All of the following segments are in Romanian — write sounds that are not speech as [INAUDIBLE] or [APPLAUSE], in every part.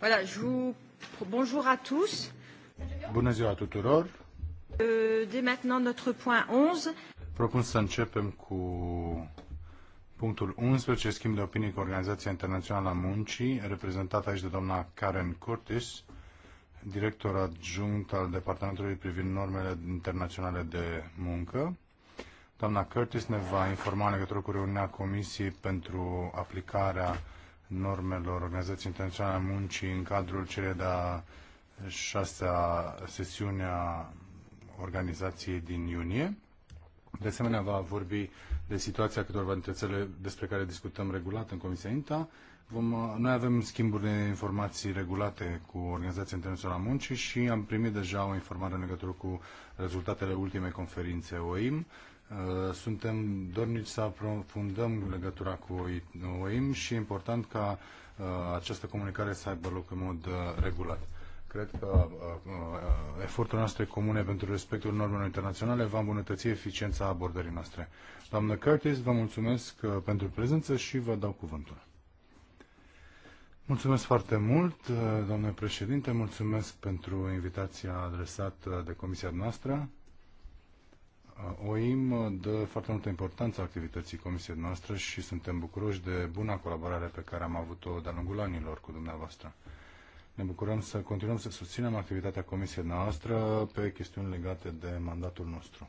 Voilà, je vous... Bonjour à tous. Bună ziua tuturor. Uh, dès maintenant notre point 11. Propun să începem cu punctul 11, schimb de opinii cu Organizația Internațională a Muncii, reprezentată aici de doamna Karen Curtis, director adjunct al Departamentului privind normele internaționale de muncă. Doamna Curtis ne va informa în legătură cu reuniunea Comisiei pentru aplicarea normelor Organizației Internaționale a Muncii în cadrul celei de-a șasea sesiune a organizației din iunie. De asemenea, va vorbi de situația câtorva dintre țările despre care discutăm regulat în Comisia INTA. Vom, noi avem schimburi de informații regulate cu Organizația Internațională a Muncii și am primit deja o informare în legătură cu rezultatele ultimei conferințe OIM Uh, suntem dornici să aprofundăm legătura cu OIM și e important ca uh, această comunicare să aibă loc în mod uh, regulat. Cred că efortul noastre comune pentru respectul normelor internaționale va îmbunătăți eficiența abordării noastre. Doamnă Curtis, vă mulțumesc pentru prezență și vă dau cuvântul. Mulțumesc foarte mult, domnule președinte, mulțumesc pentru invitația adresată de comisia noastră. OIM dă foarte multă importanță activității comisiei noastre și suntem bucuroși de buna colaborare pe care am avut-o de-a lungul anilor cu dumneavoastră. Ne bucurăm să continuăm să susținem activitatea comisiei noastre pe chestiuni legate de mandatul nostru.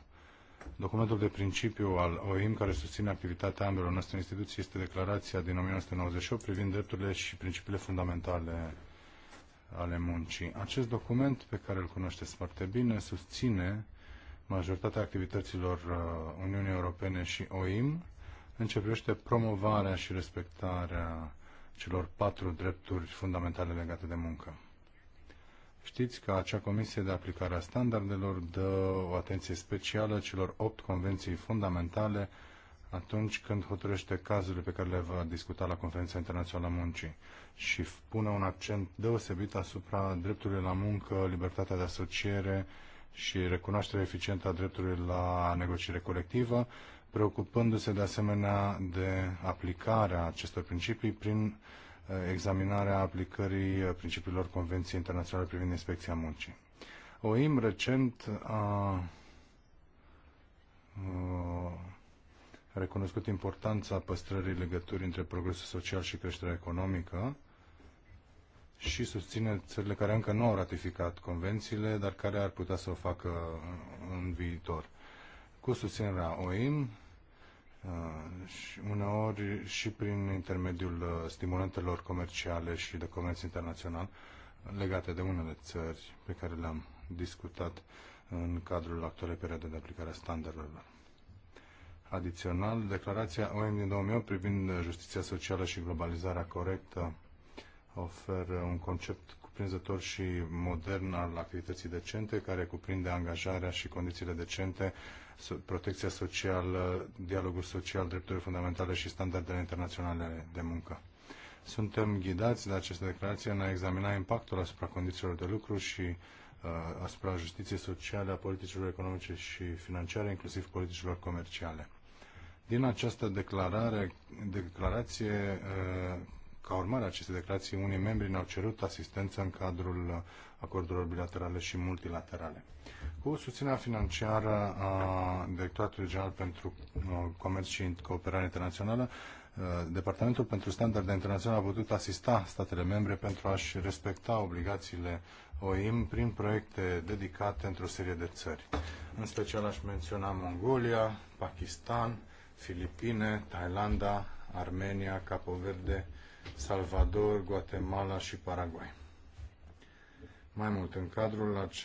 Documentul de principiu al OIM care susține activitatea ambelor noastre instituții este declarația din 1998 privind drepturile și principiile fundamentale ale muncii. Acest document, pe care îl cunoașteți foarte bine, susține majoritatea activităților uh, Uniunii Europene și OIM începește promovarea și respectarea celor patru drepturi fundamentale legate de muncă. Știți că acea comisie de aplicare a standardelor dă o atenție specială celor opt convenții fundamentale atunci când hotărăște cazurile pe care le va discuta la Conferința Internațională a Muncii și pune un accent deosebit asupra drepturilor la muncă, libertatea de asociere, și recunoașterea eficientă a dreptului la negociere colectivă, preocupându-se de asemenea de aplicarea acestor principii prin uh, examinarea aplicării uh, principiilor Convenției Internaționale privind inspecția muncii. OIM recent a uh, recunoscut importanța păstrării legăturii între progresul social și creșterea economică, și susține țările care încă nu au ratificat convențiile, dar care ar putea să o facă în viitor. Cu susținerea OIM, uh, și uneori și prin intermediul uh, stimulantelor comerciale și de comerț internațional legate de unele țări pe care le-am discutat în cadrul actualei perioade de aplicare a standardelor. Adițional, declarația OM din 2008 privind justiția socială și globalizarea corectă oferă un concept cuprinzător și modern al activității decente, care cuprinde angajarea și condițiile decente, protecția socială, dialogul social, drepturile fundamentale și standardele internaționale de muncă. Suntem ghidați de această declarație în a examina impactul asupra condițiilor de lucru și uh, asupra justiției sociale, a politicilor economice și financiare, inclusiv politicilor comerciale. Din această declarare, declarație, uh, ca urmare a acestei declarații, unii membri ne-au cerut asistență în cadrul acordurilor bilaterale și multilaterale. Cu susținerea financiară a Directoratului General pentru uh, Comerț și Cooperare Internațională, uh, Departamentul pentru Standarde Internaționale a putut asista statele membre pentru a-și respecta obligațiile OIM prin proiecte dedicate într-o serie de țări. În special aș menționa Mongolia, Pakistan, Filipine, Thailanda, Armenia, Capo Verde, Salvador, Guatemala și Paraguay. Mai mult, în cadrul uh,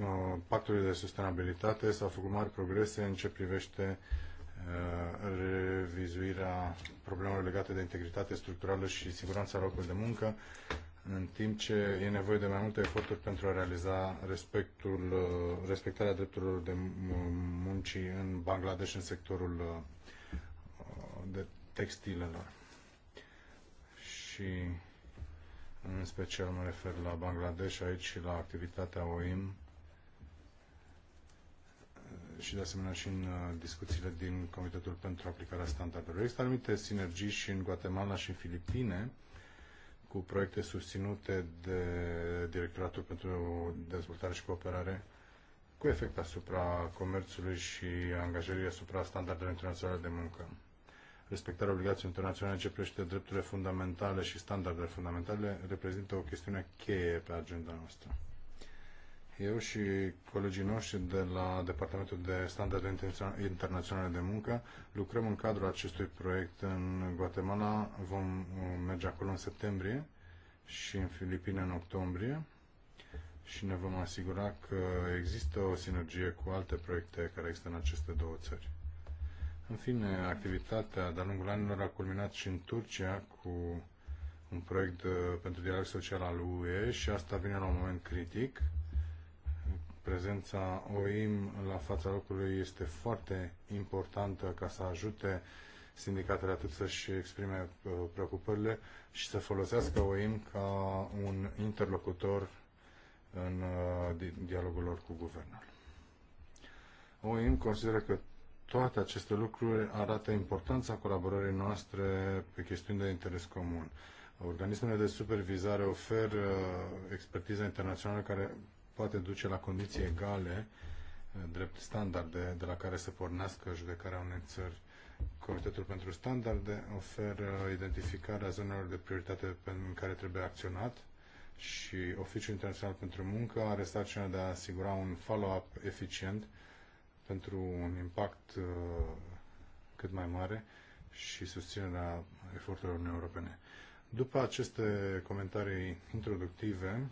uh, pactului de sustenabilitate s-au făcut mari progrese în ce privește uh, revizuirea problemelor legate de integritate structurală și siguranța locului de muncă, în timp ce e nevoie de mai multe eforturi pentru a realiza respectul, respectarea drepturilor de muncii în Bangladesh în sectorul de textilelor și în special mă refer la Bangladesh aici și la activitatea OIM și de asemenea și în uh, discuțiile din Comitetul pentru aplicarea standardelor. Există anumite sinergii și în Guatemala și în Filipine cu proiecte susținute de Directoratul pentru Dezvoltare și Cooperare cu efect asupra comerțului și angajării asupra standardelor internaționale de muncă respectarea obligațiilor internaționale ce privește drepturile fundamentale și standardele fundamentale reprezintă o chestiune cheie pe agenda noastră. Eu și colegii noștri de la Departamentul de Standarde Internaționale de Muncă lucrăm în cadrul acestui proiect în Guatemala. Vom uh, merge acolo în septembrie și în Filipine în octombrie și ne vom asigura că există o sinergie cu alte proiecte care există în aceste două țări. În fine, activitatea de-a lungul anilor a culminat și în Turcia cu un proiect uh, pentru dialog social al UE și asta vine la un moment critic. Prezența OIM la fața locului este foarte importantă ca să ajute sindicatele atât să-și exprime uh, preocupările și să folosească OIM ca un interlocutor în uh, dialogul lor cu guvernul. OIM consideră că toate aceste lucruri arată importanța colaborării noastre pe chestiuni de interes comun. Organismele de supervizare oferă uh, expertiza internațională care poate duce la condiții egale, uh, drept standarde de la care se pornească judecarea unei țări. Comitetul pentru Standarde oferă identificarea zonelor de prioritate în care trebuie acționat și Oficiul Internațional pentru Muncă are sarcina de a asigura un follow-up eficient pentru un impact uh, cât mai mare și susținerea eforturilor Europene. După aceste comentarii introductive,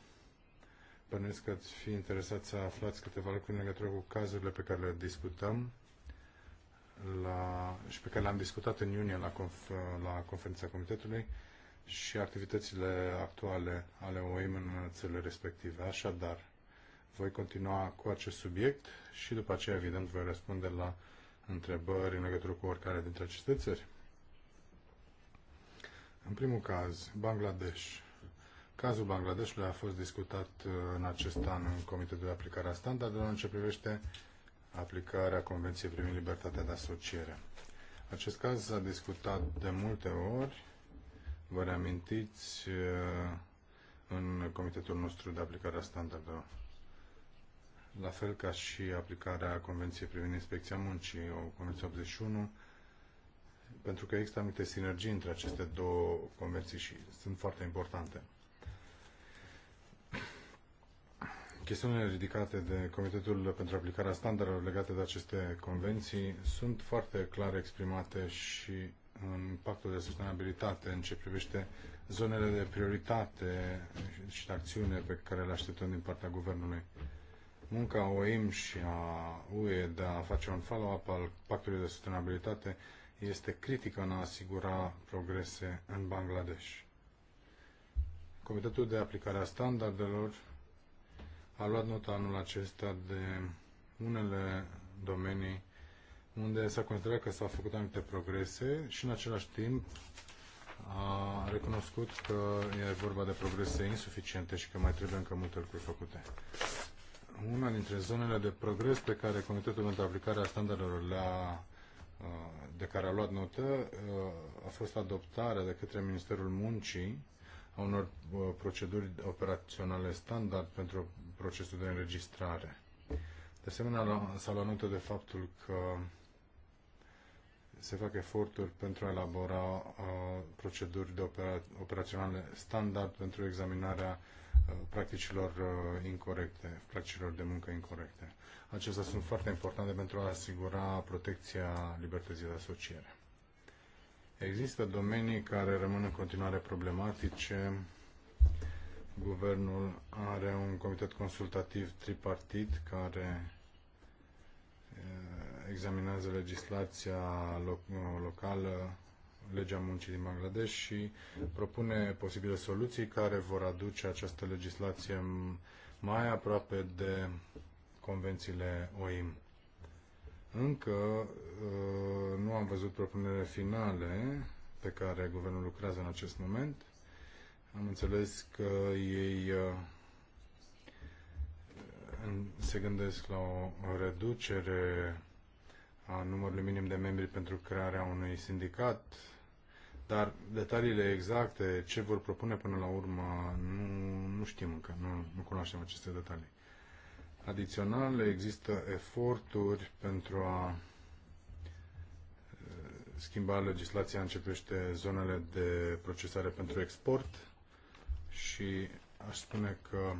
părnesc că ați fi interesat să aflați câteva lucruri în legătură cu cazurile pe care le discutăm la, și pe care le-am discutat în iunie la, conf, la conferința comitetului și activitățile actuale ale OIM în țările respective. Așadar, voi continua cu acest subiect și după aceea, evident, voi răspunde la întrebări în legătură cu oricare dintre aceste țări. În primul caz, Bangladesh. Cazul Bangladeshului a fost discutat uh, în acest an în Comitetul de Aplicare a Standardelor în ce privește aplicarea Convenției privind libertatea de asociere. Acest caz s-a discutat de multe ori, vă reamintiți, uh, în Comitetul nostru de Aplicare a Standardelor la fel ca și aplicarea Convenției privind inspecția muncii, o Convenție 81, pentru că există anumite sinergii între aceste două convenții și sunt foarte importante. Chestiunile ridicate de Comitetul pentru aplicarea standardelor legate de aceste convenții sunt foarte clar exprimate și în pactul de sustenabilitate în ce privește zonele de prioritate și de acțiune pe care le așteptăm din partea Guvernului munca OIM și a UE de a face un follow-up al Pactului de Sustenabilitate este critică în a asigura progrese în Bangladesh. Comitetul de aplicare a standardelor a luat nota anul acesta de unele domenii unde s-a considerat că s-au făcut anumite progrese și în același timp a recunoscut că e vorba de progrese insuficiente și că mai trebuie încă multe lucruri făcute una dintre zonele de progres pe care Comitetul pentru Aplicarea Standardelor le-a uh, de care a luat notă uh, a fost adoptarea de către Ministerul Muncii a unor uh, proceduri operaționale standard pentru procesul de înregistrare. De asemenea, s-a luat notă de faptul că se fac eforturi pentru a elabora proceduri de operaționale standard pentru examinarea uh, Uh, practicilor uh, incorrecte, practicilor de muncă incorrecte. Acestea sunt foarte importante pentru a asigura protecția libertății de asociere. Există domenii care rămân în continuare problematice. Guvernul are un comitet consultativ tripartit care uh, examinează legislația locală legea muncii din Bangladesh și propune posibile soluții care vor aduce această legislație mai aproape de convențiile OIM. Încă uh, nu am văzut propunerile finale pe care guvernul lucrează în acest moment. Am înțeles că ei uh, se gândesc la o reducere a numărului minim de membri pentru crearea unui sindicat dar detaliile exacte, ce vor propune până la urmă, nu, nu știm încă, nu, nu cunoaștem aceste detalii. Adițional, există eforturi pentru a schimba legislația privește zonele de procesare pentru export și aș spune că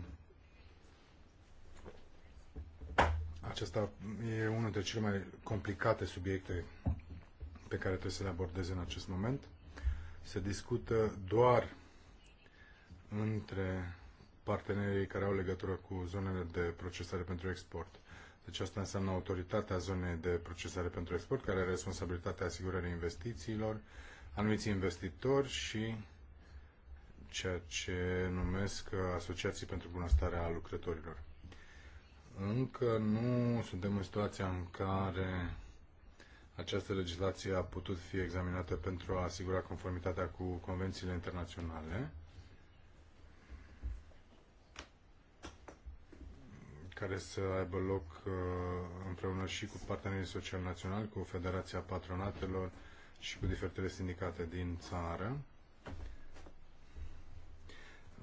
acesta e unul dintre cele mai complicate subiecte pe care trebuie să le abordeze în acest moment se discută doar între partenerii care au legătură cu zonele de procesare pentru export. Deci asta înseamnă autoritatea zonei de procesare pentru export, care are responsabilitatea asigurării investițiilor, anumiți investitori și ceea ce numesc asociații pentru bunăstarea lucrătorilor. Încă nu suntem în situația în care această legislație a putut fi examinată pentru a asigura conformitatea cu convențiile internaționale care să aibă loc uh, împreună și cu partenerii social naționali, cu Federația Patronatelor și cu diferitele sindicate din țară.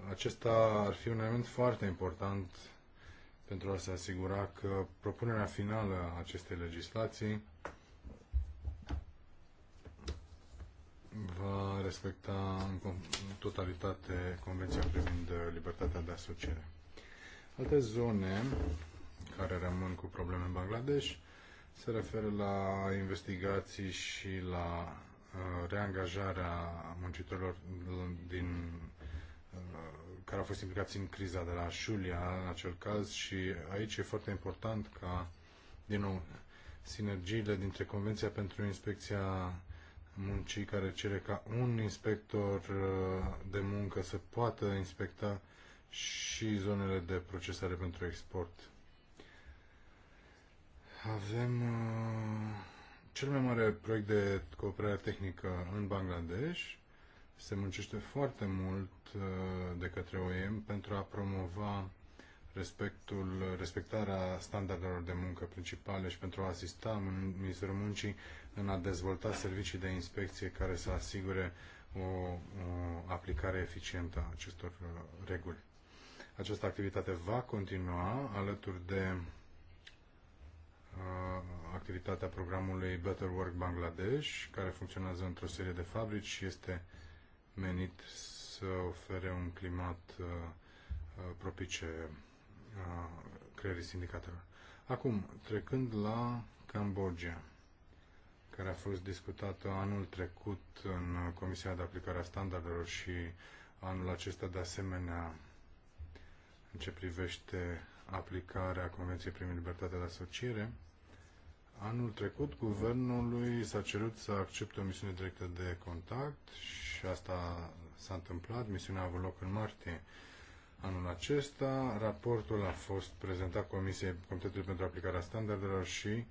Acesta ar fi un element foarte important pentru a se asigura că propunerea finală a acestei legislații va respecta în totalitate Convenția privind uh, libertatea de asociere. Alte zone care rămân cu probleme în Bangladesh se referă la investigații și la uh, reangajarea muncitorilor din, uh, care au fost implicați în criza de la Julia, în acel caz, și aici e foarte important ca, din nou, sinergiile dintre Convenția pentru Inspecția muncii care cere ca un inspector uh, de muncă să poată inspecta și zonele de procesare pentru export. Avem uh, cel mai mare proiect de cooperare tehnică în Bangladesh. Se muncește foarte mult uh, de către OEM pentru a promova respectul, respectarea standardelor de muncă principale și pentru a asista Ministerul Muncii în a dezvolta servicii de inspecție care să asigure o, o aplicare eficientă a acestor uh, reguli. Această activitate va continua alături de uh, activitatea programului Better Work Bangladesh, care funcționează într-o serie de fabrici și este menit să ofere un climat uh, propice creierii sindicatelor. Acum, trecând la Cambodgia care a fost discutată anul trecut în Comisia de Aplicare a Standardelor și anul acesta de asemenea în ce privește aplicarea Convenției privind Libertate de asociere. Anul trecut, guvernului s-a cerut să accepte o misiune directă de contact și asta s-a întâmplat. Misiunea a avut loc în martie anul acesta. Raportul a fost prezentat Comisiei Comitetului pentru Aplicarea Standardelor și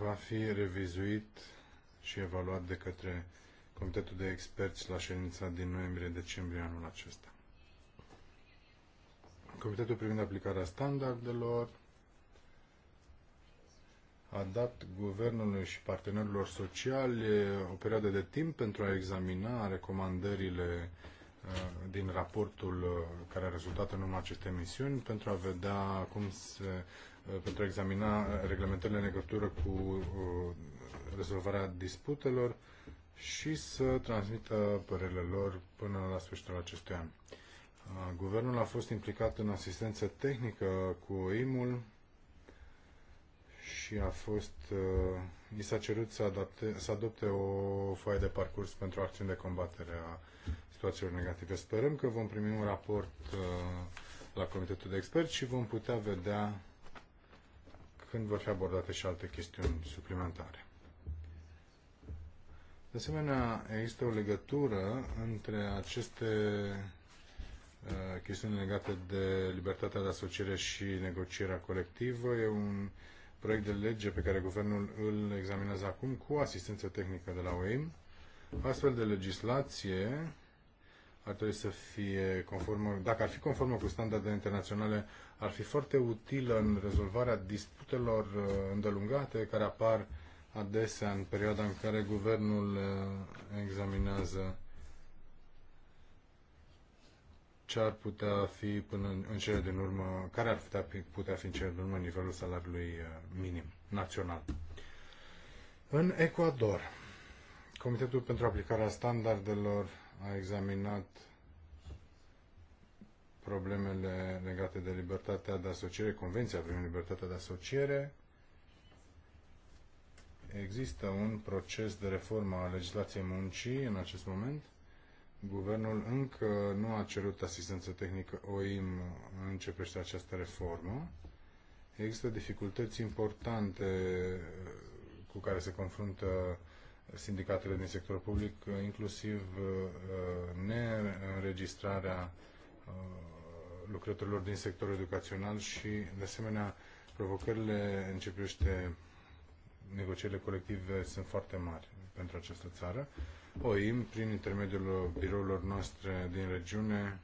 va fi revizuit și evaluat de către Comitetul de Experți la ședința din noiembrie-decembrie anul acesta. Comitetul privind aplicarea standardelor a dat guvernului și partenerilor sociali o perioadă de timp pentru a examina recomandările uh, din raportul uh, care a rezultat în urma acestei misiuni pentru a vedea cum se Uh, pentru a examina uh, reglementările în legătură cu uh, rezolvarea disputelor și să transmită părerile lor până la sfârșitul acestui an. Guvernul a fost implicat în asistență tehnică cu OIM-ul și a fost, i s-a cerut să, adapte, să adopte o foaie de parcurs pentru acțiuni de combatere a situațiilor negative. Sperăm că vom primi un raport la Comitetul de Experți și vom putea vedea când vor fi abordate și alte chestiuni suplimentare. De asemenea, există o legătură între aceste uh, chestiuni legate de libertatea de asociere și negocierea colectivă. E un proiect de lege pe care guvernul îl examinează acum cu asistență tehnică de la OIM. Astfel de legislație ar trebui să fie conformă, dacă ar fi conformă cu standardele internaționale, ar fi foarte utilă în rezolvarea disputelor uh, îndelungate care apar adesea în perioada în care guvernul uh, examinează ce ar putea fi până în, cele din urmă, care ar putea, putea fi în cele din urmă nivelul salariului uh, minim național. În Ecuador, Comitetul pentru aplicarea standardelor a examinat problemele legate de libertatea de asociere, Convenția privind libertatea de asociere. Există un proces de reformă a legislației muncii în acest moment. Guvernul încă nu a cerut asistență tehnică OIM în ce privește această reformă. Există dificultăți importante cu care se confruntă sindicatele din sector public, inclusiv uh, neînregistrarea uh, lucrătorilor din sectorul educațional și, de asemenea, provocările în ce privește negocierile colective sunt foarte mari pentru această țară. OIM, prin intermediul birourilor noastre din regiune,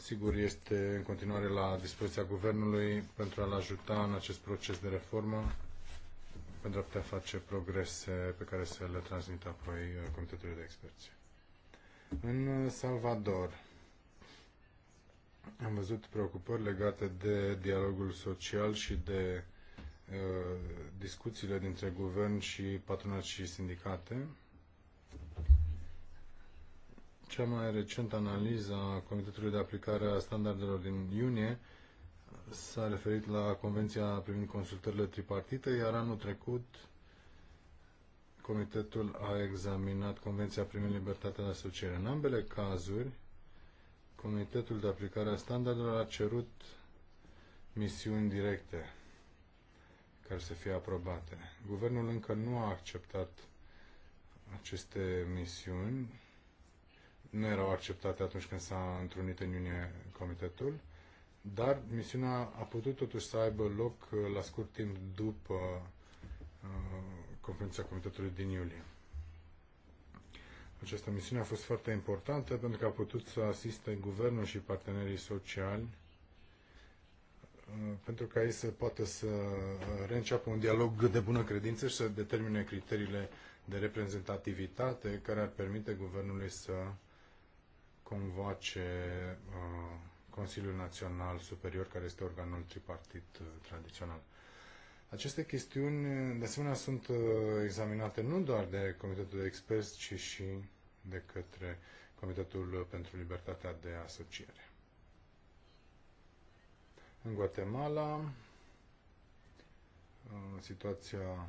sigur este în continuare la dispoziția Guvernului pentru a-l ajuta în acest proces de reformă pentru a putea face progrese pe care să le transmit apoi uh, Comitetului de Experți. În uh, Salvador am văzut preocupări legate de dialogul social și de uh, discuțiile dintre guvern și patronat și sindicate. Cea mai recentă analiză a Comitetului de Aplicare a Standardelor din iunie s-a referit la Convenția privind consultările tripartite, iar anul trecut Comitetul a examinat Convenția privind libertatea de asociere. În ambele cazuri, Comitetul de aplicare a standardelor a cerut misiuni directe care să fie aprobate. Guvernul încă nu a acceptat aceste misiuni, nu erau acceptate atunci când s-a întrunit în iunie comitetul dar misiunea a putut totuși să aibă loc uh, la scurt timp după uh, conferința comitetului din iulie. Această misiune a fost foarte importantă pentru că a putut să asiste guvernul și partenerii sociali uh, pentru ca ei să poată să reînceapă un dialog de bună credință și să determine criteriile de reprezentativitate care ar permite guvernului să convoace uh, Consiliul Național Superior, care este organul tripartit uh, tradițional. Aceste chestiuni, uh, de asemenea, sunt uh, examinate nu doar de Comitetul de Experți, ci și de către Comitetul pentru Libertatea de Asociere. În Guatemala, situația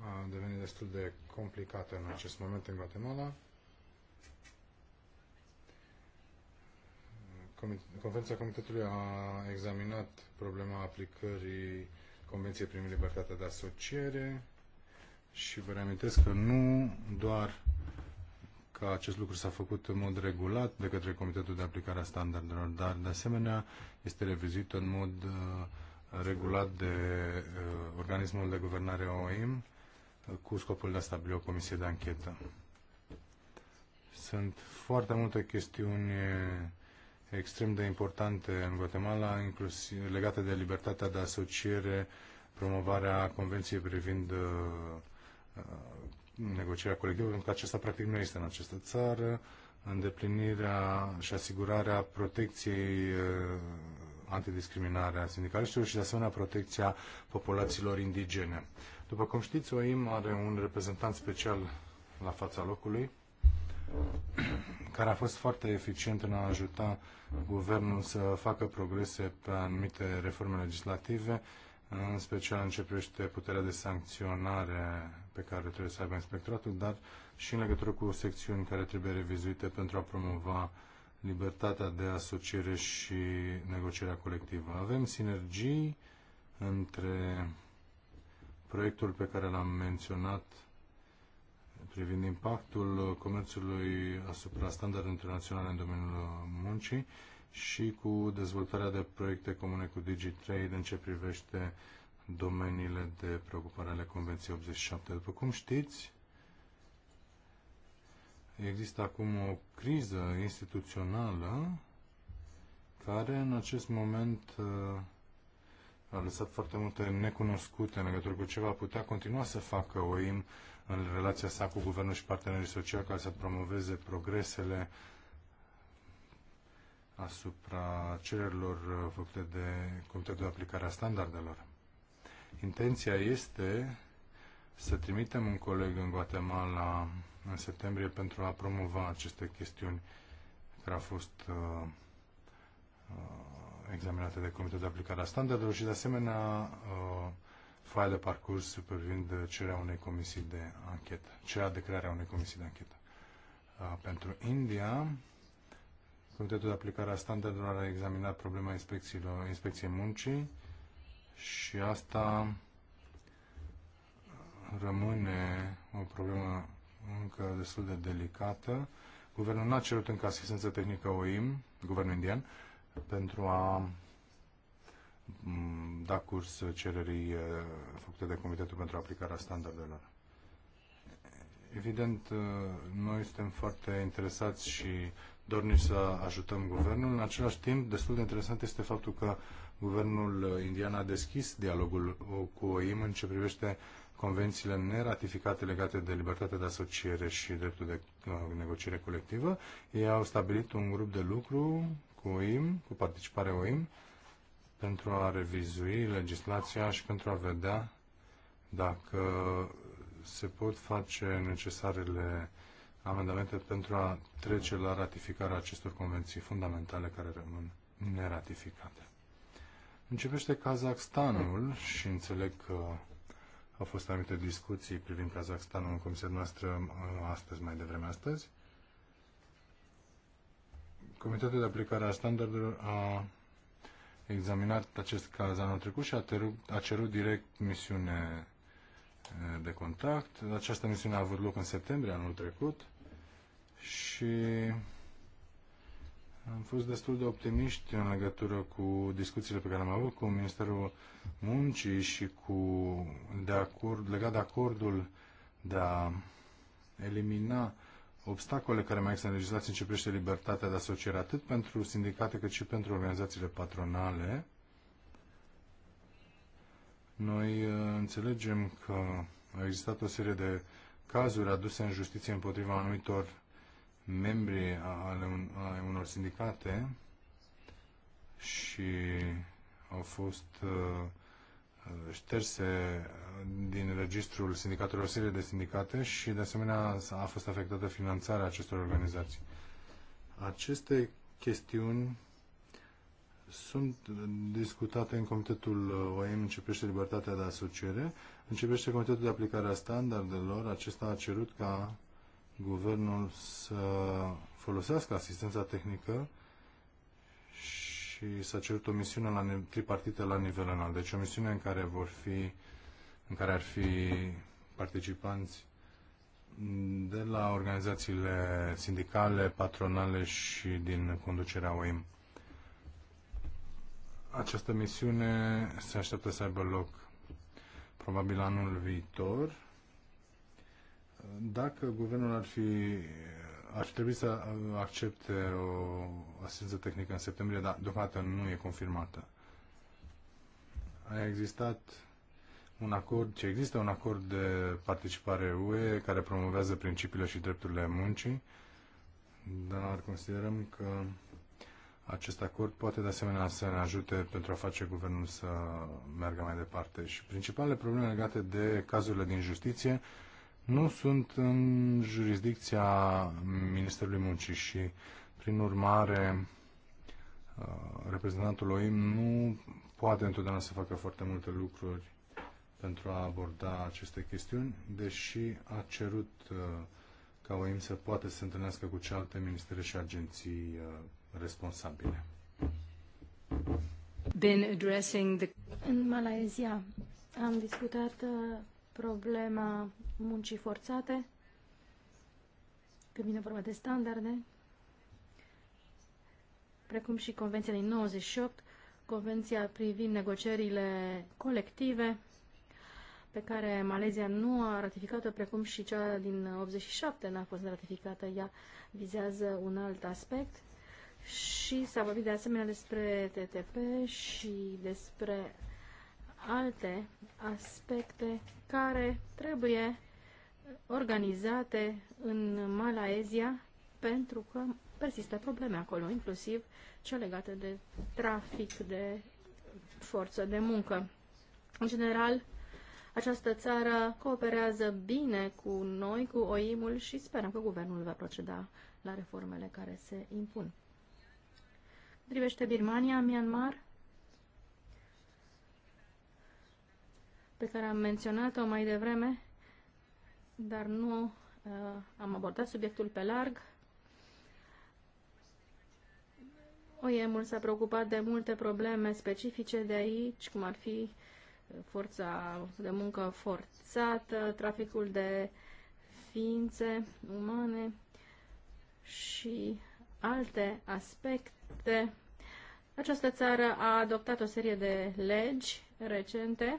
a devenit destul de complicată în acest moment în Guatemala. Conferința Comitetului a examinat problema aplicării Convenției privind libertatea de asociere și vă reamintesc că nu doar că acest lucru s-a făcut în mod regulat de către Comitetul de Aplicare a Standardelor, dar de asemenea este revizuit în mod uh, regulat de uh, organismul de guvernare OIM uh, cu scopul de a stabili o comisie de anchetă. Sunt foarte multe chestiuni extrem de importante în Guatemala, inclusiv legate de libertatea de asociere, promovarea convenției privind uh, uh, negocierea colectivă, pentru că acesta practic nu este în această țară, îndeplinirea și asigurarea protecției uh, antidiscriminarea sindicaliștilor și de asemenea protecția populațiilor indigene. După cum știți, OIM are un reprezentant special la fața locului, care a fost foarte eficient în a ajuta guvernul să facă progrese pe anumite reforme legislative, în special în ce privește puterea de sancționare pe care trebuie să aibă inspectoratul, dar și în legătură cu secțiuni care trebuie revizuite pentru a promova libertatea de asociere și negocierea colectivă. Avem sinergii între proiectul pe care l-am menționat privind impactul comerțului asupra standardelor internaționale în domeniul muncii și cu dezvoltarea de proiecte comune cu DigiTrade în ce privește domeniile de preocupare ale Convenției 87. După cum știți, există acum o criză instituțională care în acest moment uh, a lăsat foarte multe necunoscute în legătură cu ce va putea continua să facă OIM în relația sa cu guvernul și partenerii sociali ca să promoveze progresele asupra cererilor uh, făcute de Comitetul de Aplicare a Standardelor. Intenția este să trimitem un coleg în Guatemala în septembrie pentru a promova aceste chestiuni care au fost uh, uh examinate de Comitetul de Aplicare a Standardelor și, de asemenea, uh, foaia de parcurs privind cererea unei comisii de anchetă, cererea de crearea unei comisii de anchetă. Uh, pentru India, Comitetul de aplicare a standardelor a examinat problema inspecțiilor, inspecției muncii și asta rămâne o problemă încă destul de delicată. Guvernul n-a cerut încă asistență tehnică OIM, guvernul indian, pentru a Mm, da curs cererii eh, făcute de Comitetul pentru Aplicarea Standardelor. Evident, eh, noi suntem foarte interesați și dorni să ajutăm guvernul. În același timp, destul de interesant este faptul că guvernul eh, indian a deschis dialogul cu OIM în ce privește convențiile neratificate legate de libertatea de asociere și dreptul de negociere colectivă. Ei au stabilit un grup de lucru cu OIM, cu participarea OIM, pentru a revizui legislația și pentru a vedea dacă se pot face necesarele amendamente pentru a trece la ratificarea acestor convenții fundamentale care rămân neratificate. Începește Kazakhstanul și înțeleg că au fost anumite discuții privind Kazakhstanul în comisia noastră uh, astăzi, mai devreme astăzi. Comitetul de aplicare a standardelor a examinat acest caz anul trecut și a, terut, a cerut direct misiune de contact. Această misiune a avut loc în septembrie anul trecut și am fost destul de optimiști în legătură cu discuțiile pe care am avut cu Ministerul Muncii și cu de acord, legat de acordul de a elimina obstacole care mai există în legislație începește libertatea de asociere atât pentru sindicate cât și pentru organizațiile patronale. Noi uh, înțelegem că a existat o serie de cazuri aduse în justiție împotriva anumitor membri ale unor sindicate și au fost uh, șterse din registrul sindicatelor serie de sindicate și de asemenea a fost afectată finanțarea acestor organizații. Aceste chestiuni sunt discutate în Comitetul OIM începește libertatea de asociere, începește Comitetul de aplicare a standardelor, acesta a cerut ca guvernul să folosească asistența tehnică și s-a cerut o misiune la tripartită la nivel înalt. Deci o misiune în care vor fi, în care ar fi participanți de la organizațiile sindicale, patronale și din conducerea OIM. Această misiune se așteaptă să aibă loc probabil anul viitor. Dacă guvernul ar fi ar trebui să uh, accepte o asistență tehnică în septembrie, dar deocamdată nu e confirmată. A existat un acord, ce există un acord de participare UE care promovează principiile și drepturile muncii, dar considerăm că acest acord poate de asemenea să ne ajute pentru a face guvernul să meargă mai departe. Și principalele probleme legate de cazurile din justiție nu sunt în jurisdicția Ministerului Muncii și, prin urmare, uh, reprezentantul OIM nu poate întotdeauna să facă foarte multe lucruri pentru a aborda aceste chestiuni, deși a cerut uh, ca OIM să poată să se întâlnească cu cealaltă ministere și agenții uh, responsabile. Been addressing the... În Malaezia am discutat uh problema muncii forțate, când vine vorba de standarde, precum și Convenția din 98, Convenția privind negocierile colective, pe care Malezia nu a ratificat-o, precum și cea din 87 n-a fost ratificată. Ea vizează un alt aspect și s-a vorbit de asemenea despre TTP și despre alte aspecte care trebuie organizate în Malaezia pentru că persistă probleme acolo, inclusiv cea legată de trafic de forță de muncă. În general, această țară cooperează bine cu noi, cu OIM-ul și sperăm că guvernul va proceda la reformele care se impun. Privește Birmania, Myanmar, pe care am menționat-o mai devreme, dar nu uh, am abordat subiectul pe larg. OIM-ul s-a preocupat de multe probleme specifice de aici, cum ar fi uh, forța de muncă forțată, traficul de ființe umane și alte aspecte. Această țară a adoptat o serie de legi recente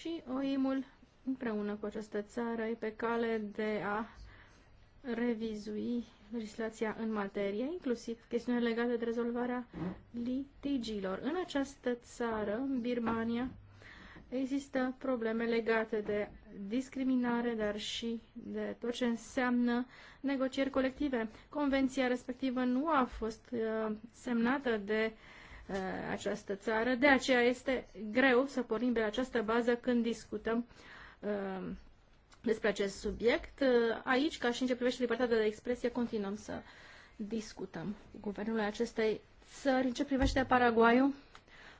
și OIM-ul împreună cu această țară e pe cale de a revizui legislația în materie, inclusiv chestiuni legate de rezolvarea litigiilor. În această țară, în Birmania, există probleme legate de discriminare, dar și de tot ce înseamnă negocieri colective. Convenția respectivă nu a fost uh, semnată de uh, Uh, această țară. De aceea este greu să pornim pe la această bază când discutăm uh, despre acest subiect. Uh, aici, ca și în ce privește libertatea de expresie, continuăm să discutăm cu guvernul acestei țări. În ce privește Paraguayul,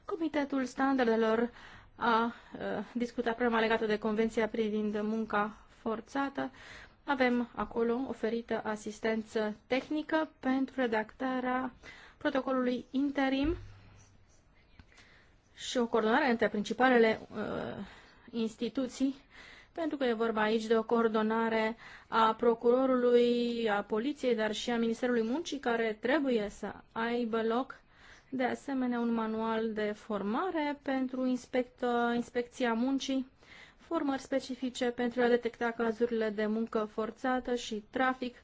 Comitetul Standardelor a discutat problema legată de Convenția privind munca forțată. Avem acolo oferită asistență tehnică pentru redactarea protocolului interim și o coordonare între principalele uh, instituții, pentru că e vorba aici de o coordonare a procurorului, a poliției, dar și a Ministerului Muncii, care trebuie să aibă loc. De asemenea, un manual de formare pentru inspect, inspecția muncii, formări specifice pentru a detecta cazurile de muncă forțată și trafic,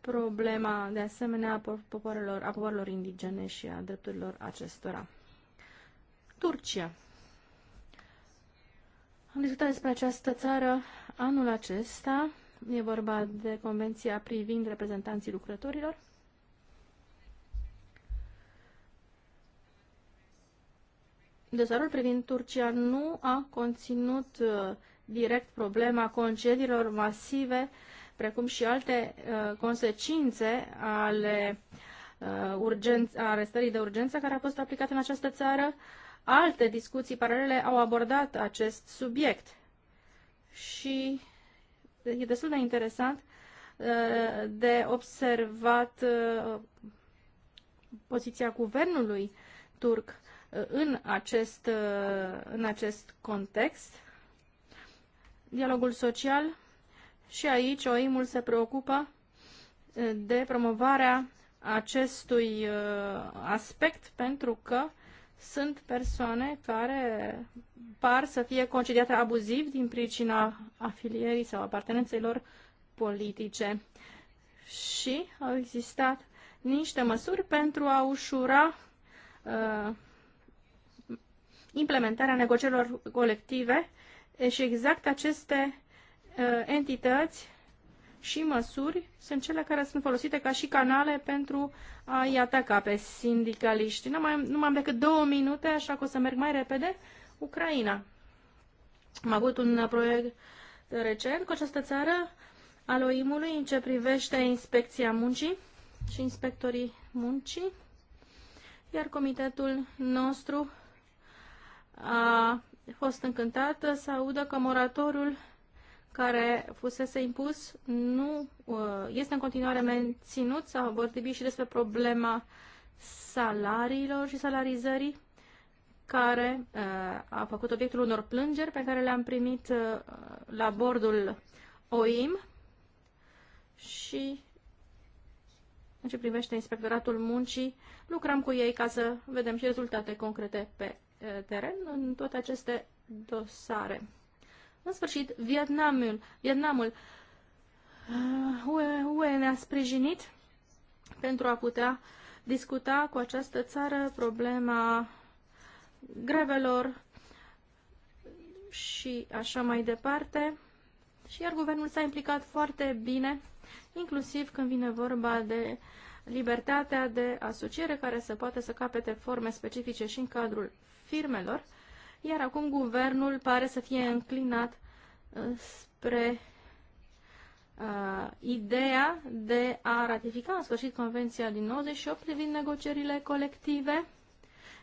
problema de asemenea a popoarelor, a popoarelor indigene și a drepturilor acestora. Turcia. Am discutat despre această țară anul acesta. E vorba de Convenția privind reprezentanții lucrătorilor. Dosarul privind Turcia nu a conținut uh, direct problema concediilor masive, precum și alte uh, consecințe ale uh, urgenț- arestării de urgență care a fost aplicată în această țară. Uh, alte discuții paralele au abordat acest subiect. Și e destul de interesant uh, de observat uh, poziția guvernului turc uh, în acest, în acest context. Dialogul social și aici OIM-ul se preocupă de promovarea acestui aspect pentru că sunt persoane care par să fie concediate abuziv din pricina afilierii sau apartenenței lor politice. Și au existat niște măsuri pentru a ușura uh, implementarea negocierilor colective și deci exact aceste uh, entități și măsuri sunt cele care sunt folosite ca și canale pentru a-i ataca pe sindicaliști. Nu, mai, nu mai am decât două minute, așa că o să merg mai repede. Ucraina. Am avut un proiect recent cu această țară al OIM-ului în ce privește inspecția muncii și inspectorii muncii, iar comitetul nostru a fost încântat să audă că moratorul care fusese impus nu uh, este în continuare menținut sau vorbit și despre problema salariilor și salarizării care uh, a făcut obiectul unor plângeri pe care le-am primit uh, la bordul OIM și în ce privește inspectoratul muncii, lucrăm cu ei ca să vedem și rezultate concrete pe teren în toate aceste dosare. În sfârșit, Vietnamul, Vietnamul uh, UE ne-a sprijinit pentru a putea discuta cu această țară problema grevelor și așa mai departe. Și iar guvernul s-a implicat foarte bine, inclusiv când vine vorba de libertatea de asociere care se poate să capete forme specifice și în cadrul firmelor iar acum guvernul pare să fie înclinat uh, spre uh, ideea de a ratifica în sfârșit Convenția din 98 privind negocierile colective,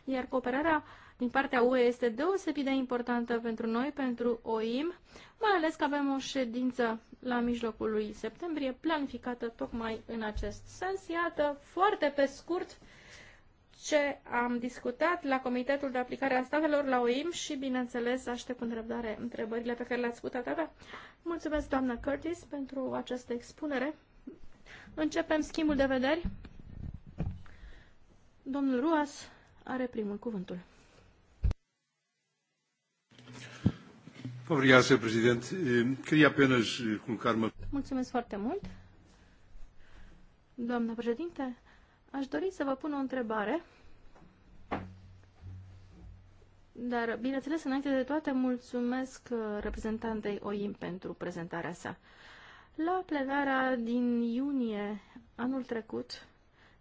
iar cooperarea din partea UE este deosebit de importantă pentru noi, pentru OIM, mai ales că avem o ședință la mijlocul lui septembrie planificată tocmai în acest sens. Iată, foarte pe scurt, ce am discutat la Comitetul de Aplicare a Statelor la OIM și, bineînțeles, aștept cu răbdare întrebările pe care le-ați putut avea. Mulțumesc, doamna Curtis, pentru această expunere. Începem schimbul de vederi. Domnul Ruas are primul cuvântul. Obrigado, Sr. Presidente. Eh, queria apenas eh, colocar uma... Mulțumesc foarte mult. Doamna președinte, Aș dori să vă pun o întrebare. Dar, bineînțeles, înainte de toate, mulțumesc uh, reprezentantei OIM pentru prezentarea sa. La plenarea din iunie anul trecut,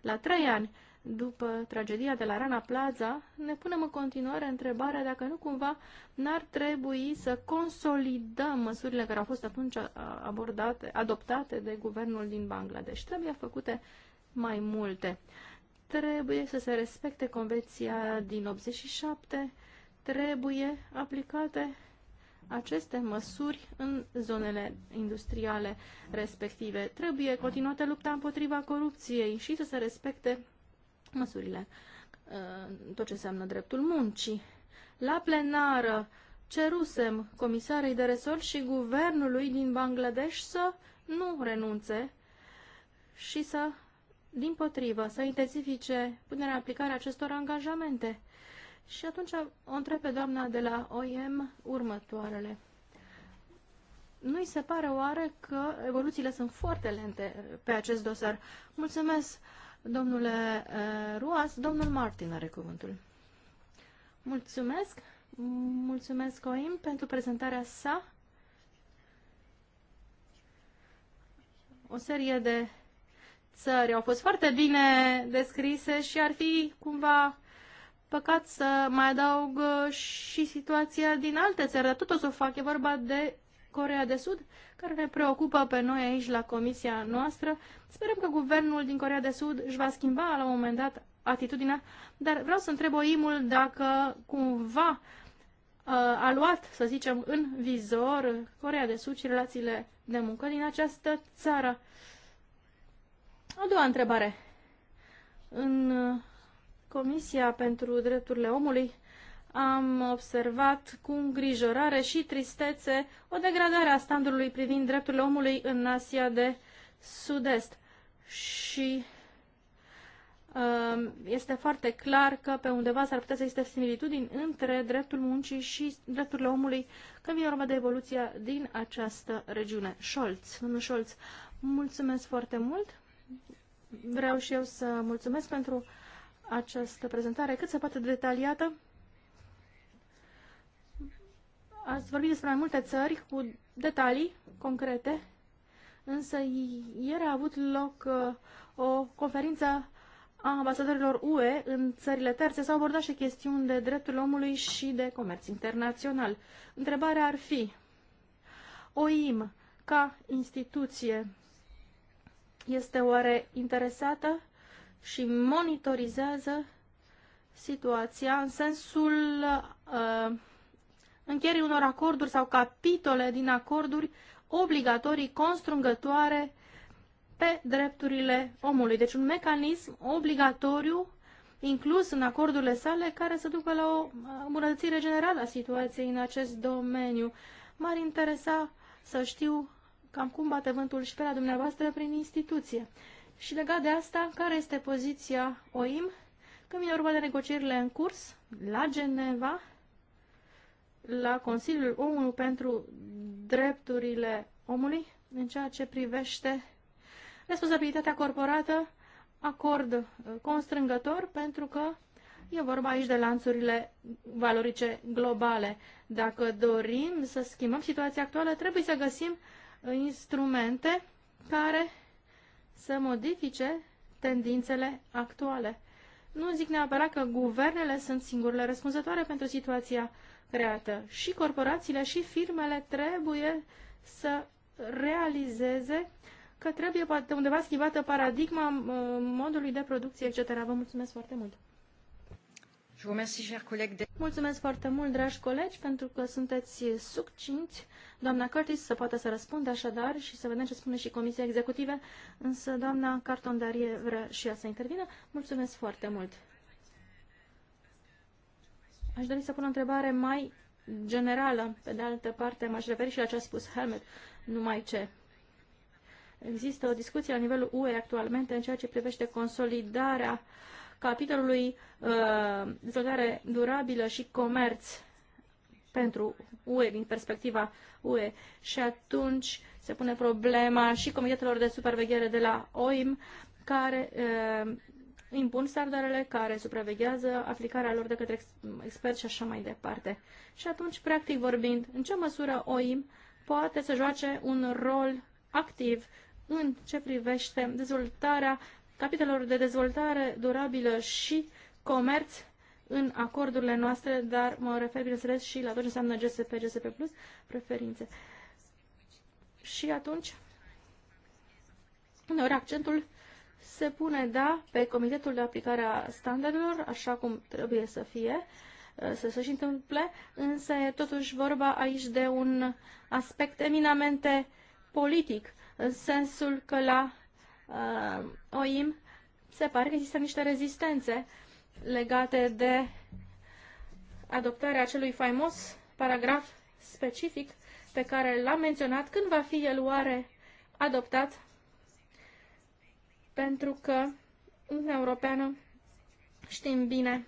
la trei ani după tragedia de la Rana Plaza, ne punem în continuare întrebarea dacă nu cumva n-ar trebui să consolidăm măsurile care au fost atunci uh, abordate, adoptate de guvernul din Bangladesh. Trebuie făcute mai multe. Trebuie să se respecte Convenția din 87, trebuie aplicate aceste măsuri în zonele industriale respective. Trebuie continuată lupta împotriva corupției și să se respecte măsurile, uh, tot ce înseamnă dreptul muncii. La plenară cerusem comisarei de resort și guvernului din Bangladesh să nu renunțe și să din potrivă, să intensifice punerea în aplicare acestor angajamente. Și atunci o întreb pe doamna de la OIM următoarele. Nu-i se pare oare că evoluțiile sunt foarte lente pe acest dosar? Mulțumesc, domnule eh, Ruas. Domnul Martin are cuvântul. Mulțumesc. Mulțumesc, OIM, pentru prezentarea sa. O serie de țări au fost foarte bine descrise și ar fi cumva păcat să mai adaug uh, și situația din alte țări, dar tot o să o fac. E vorba de Corea de Sud, care ne preocupă pe noi aici la comisia noastră. Sperăm că guvernul din Corea de Sud își va schimba la un moment dat atitudinea, dar vreau să întreb oimul dacă cumva uh, a luat, să zicem, în vizor Corea de Sud și relațiile de muncă din această țară. A doua întrebare. În uh, Comisia pentru Drepturile Omului am observat cu îngrijorare și tristețe o degradare a standardului privind drepturile omului în Asia de Sud-Est. Și uh, este foarte clar că pe undeva s-ar putea să existe similitudini între dreptul muncii și drepturile omului când vine vorba de evoluția din această regiune. Scholz, domnul Scholz, mulțumesc foarte mult! Vreau și eu să mulțumesc pentru această prezentare cât se poate detaliată. Ați vorbit despre mai multe țări cu detalii concrete, însă ieri a avut loc uh, o conferință a ambasadorilor UE în țările terțe. S-au abordat și chestiuni de dreptul omului și de comerț internațional. Întrebarea ar fi, OIM, ca instituție, este oare interesată și monitorizează situația în sensul uh, încheierii unor acorduri sau capitole din acorduri obligatorii constrângătoare pe drepturile omului. Deci un mecanism obligatoriu inclus în acordurile sale care să ducă la o uh, îmbunătățire generală a situației în acest domeniu. M-ar interesa să știu cam cum bate vântul și pe la dumneavoastră prin instituție. Și legat de asta, care este poziția OIM când vine vorba de negocierile în curs la Geneva, la Consiliul ONU pentru drepturile omului, în ceea ce privește responsabilitatea corporată, acord uh, constrângător, pentru că e vorba aici de lanțurile valorice globale. Dacă dorim să schimbăm situația actuală, trebuie să găsim instrumente care să modifice tendințele actuale. Nu zic neapărat că guvernele sunt singurele răspunzătoare pentru situația creată. Și corporațiile și firmele trebuie să realizeze că trebuie poate undeva schimbată paradigma modului de producție, etc. Vă mulțumesc foarte mult! Mulțumesc foarte mult, dragi colegi, pentru că sunteți succinți. Doamna Curtis să poată să răspundă așadar și să vedem ce spune și Comisia Executive, însă doamna Cartondarie vrea și ea să intervină. Mulțumesc foarte mult. Aș dori să pun o întrebare mai generală. Pe de altă parte, m-aș referi și la ce a spus Helmet, numai ce. Există o discuție la nivelul UE actualmente în ceea ce privește consolidarea uh, capitolului uh, dezvoltare durabilă și comerț pentru UE, din perspectiva UE. Și atunci se pune problema și comitetelor de supraveghere de la OIM, care uh, impun standardele, care supraveghează aplicarea lor de către experți și așa mai departe. Și atunci, practic vorbind, în ce măsură OIM poate să joace un rol activ în ce privește dezvoltarea capitolelor de dezvoltare durabilă și comerț în acordurile noastre, dar mă refer, bineînțeles, și la tot ce înseamnă GSP, GSP+, preferințe. Și atunci, uneori accentul se pune, da, pe Comitetul de Aplicare a Standardelor, așa cum trebuie să fie, să se și întâmple, însă e totuși vorba aici de un aspect eminamente politic, în sensul că la Uh, OIM, se pare că există niște rezistențe legate de adoptarea acelui faimos paragraf specific pe care l-am menționat când va fi el oare adoptat pentru că Uniunea Europeană, știm bine,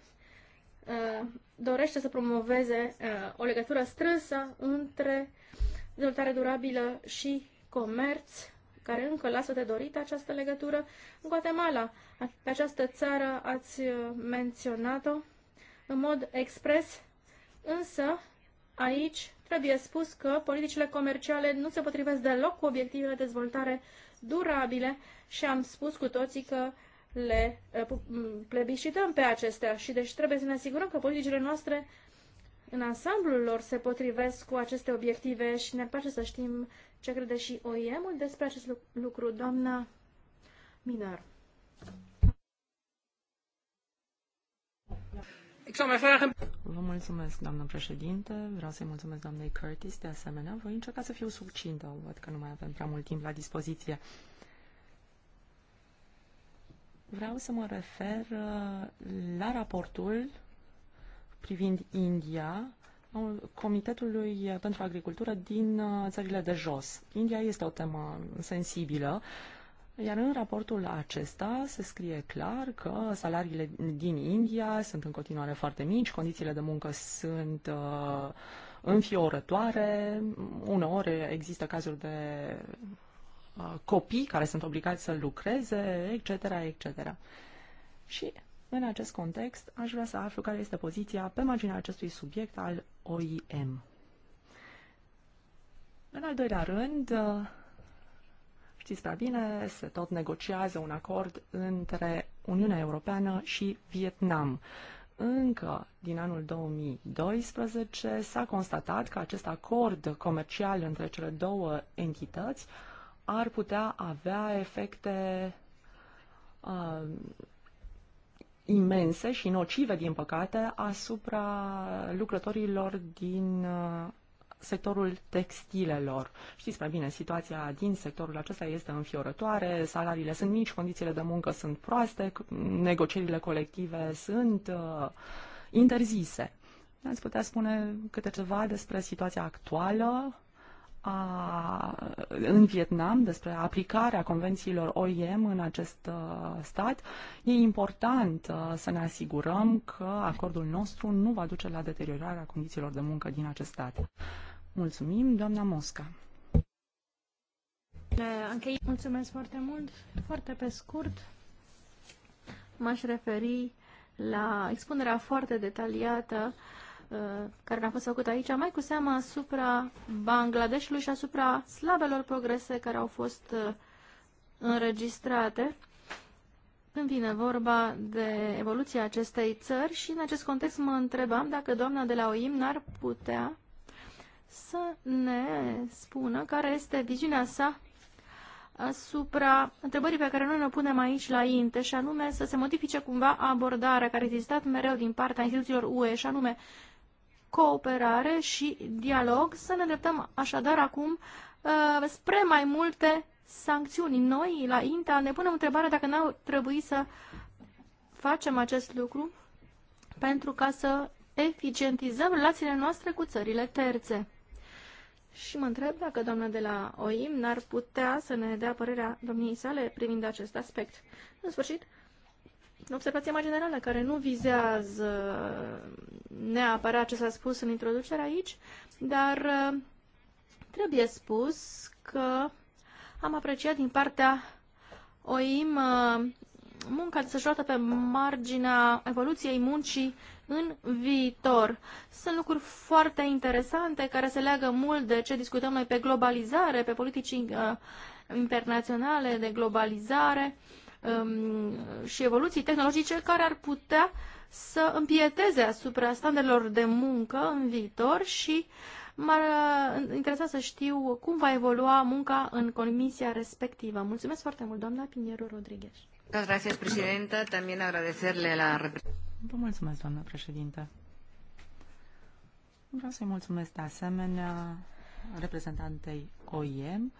uh, dorește să promoveze uh, o legătură strânsă între dezvoltare durabilă și comerț care încă lasă de dorit această legătură. În Guatemala, pe această țară ați uh, menționat-o în mod expres, însă aici trebuie spus că politicile comerciale nu se potrivesc deloc cu obiectivele de dezvoltare durabile și am spus cu toții că le uh, plebiscităm pe acestea și deci trebuie să ne asigurăm că politicile noastre în ansamblul lor se potrivesc cu aceste obiective și ne place să știm ce crede și OIM-ul despre acest lucru, doamna Minar. Vă mulțumesc, doamnă președinte. Vreau să-i mulțumesc doamnei Curtis de asemenea. Voi încerca să fiu succintă. Văd că nu mai avem prea mult timp la dispoziție. Vreau să mă refer uh, la raportul privind India Comitetului pentru Agricultură din uh, țările de jos. India este o temă sensibilă, iar în raportul acesta se scrie clar că salariile din India sunt în continuare foarte mici, condițiile de muncă sunt uh, înfiorătoare, uneori există cazuri de uh, copii care sunt obligați să lucreze, etc., etc. Și în acest context, aș vrea să aflu care este poziția pe marginea acestui subiect al OIM. În al doilea rând, știți prea bine, se tot negociază un acord între Uniunea Europeană și Vietnam. Încă din anul 2012 s-a constatat că acest acord comercial între cele două entități ar putea avea efecte uh, imense și nocive, din păcate, asupra lucrătorilor din uh, sectorul textilelor. Știți prea bine, situația din sectorul acesta este înfiorătoare, salariile sunt mici, condițiile de muncă sunt proaste, negocierile colective sunt uh, interzise. Ați putea spune câte ceva despre situația actuală a, în Vietnam, despre aplicarea convențiilor OIM în acest uh, stat, e important uh, să ne asigurăm că acordul nostru nu va duce la deteriorarea condițiilor de muncă din acest stat. Mulțumim, doamna Mosca. Mulțumesc foarte mult. Foarte pe scurt, m-aș referi la expunerea foarte detaliată uh, Uh, care ne-a fost făcut aici, mai cu seama asupra Bangladeshului și asupra slabelor progrese care au fost uh, înregistrate când vine vorba de evoluția acestei țări și în acest context mă întrebam dacă doamna de la OIM n-ar putea să ne spună care este viziunea sa asupra întrebării pe care noi ne punem aici la INTE și anume să se modifice cumva abordarea care a existat mereu din partea instituțiilor UE și anume cooperare și dialog, să ne îndreptăm așadar acum uh, spre mai multe sancțiuni. Noi, la INTA, ne punem întrebarea dacă n-au trebuit să facem acest lucru pentru ca să eficientizăm relațiile noastre cu țările terțe. Și mă întreb dacă doamna de la OIM n-ar putea să ne dea părerea domniei sale privind acest aspect. În sfârșit, observație mai generală, care nu vizează neapărat ce s-a spus în introducere aici, dar uh, trebuie spus că am apreciat din partea OIM uh, munca să pe marginea evoluției muncii în viitor. Sunt lucruri foarte interesante care se leagă mult de ce discutăm noi pe globalizare, pe politici uh, internaționale de globalizare. Uh, um, și evoluții tehnologice care ar putea să împieteze asupra standardelor de muncă în viitor și m-ar interesa să știu cum va evolua munca în comisia respectivă. Mulțumesc foarte mult, doamna Piniero Rodriguez. Gracias, presidenta. También agradecerle la... Vă mulțumesc, doamna președinte. Vreau să-i mulțumesc de asemenea reprezentantei OIM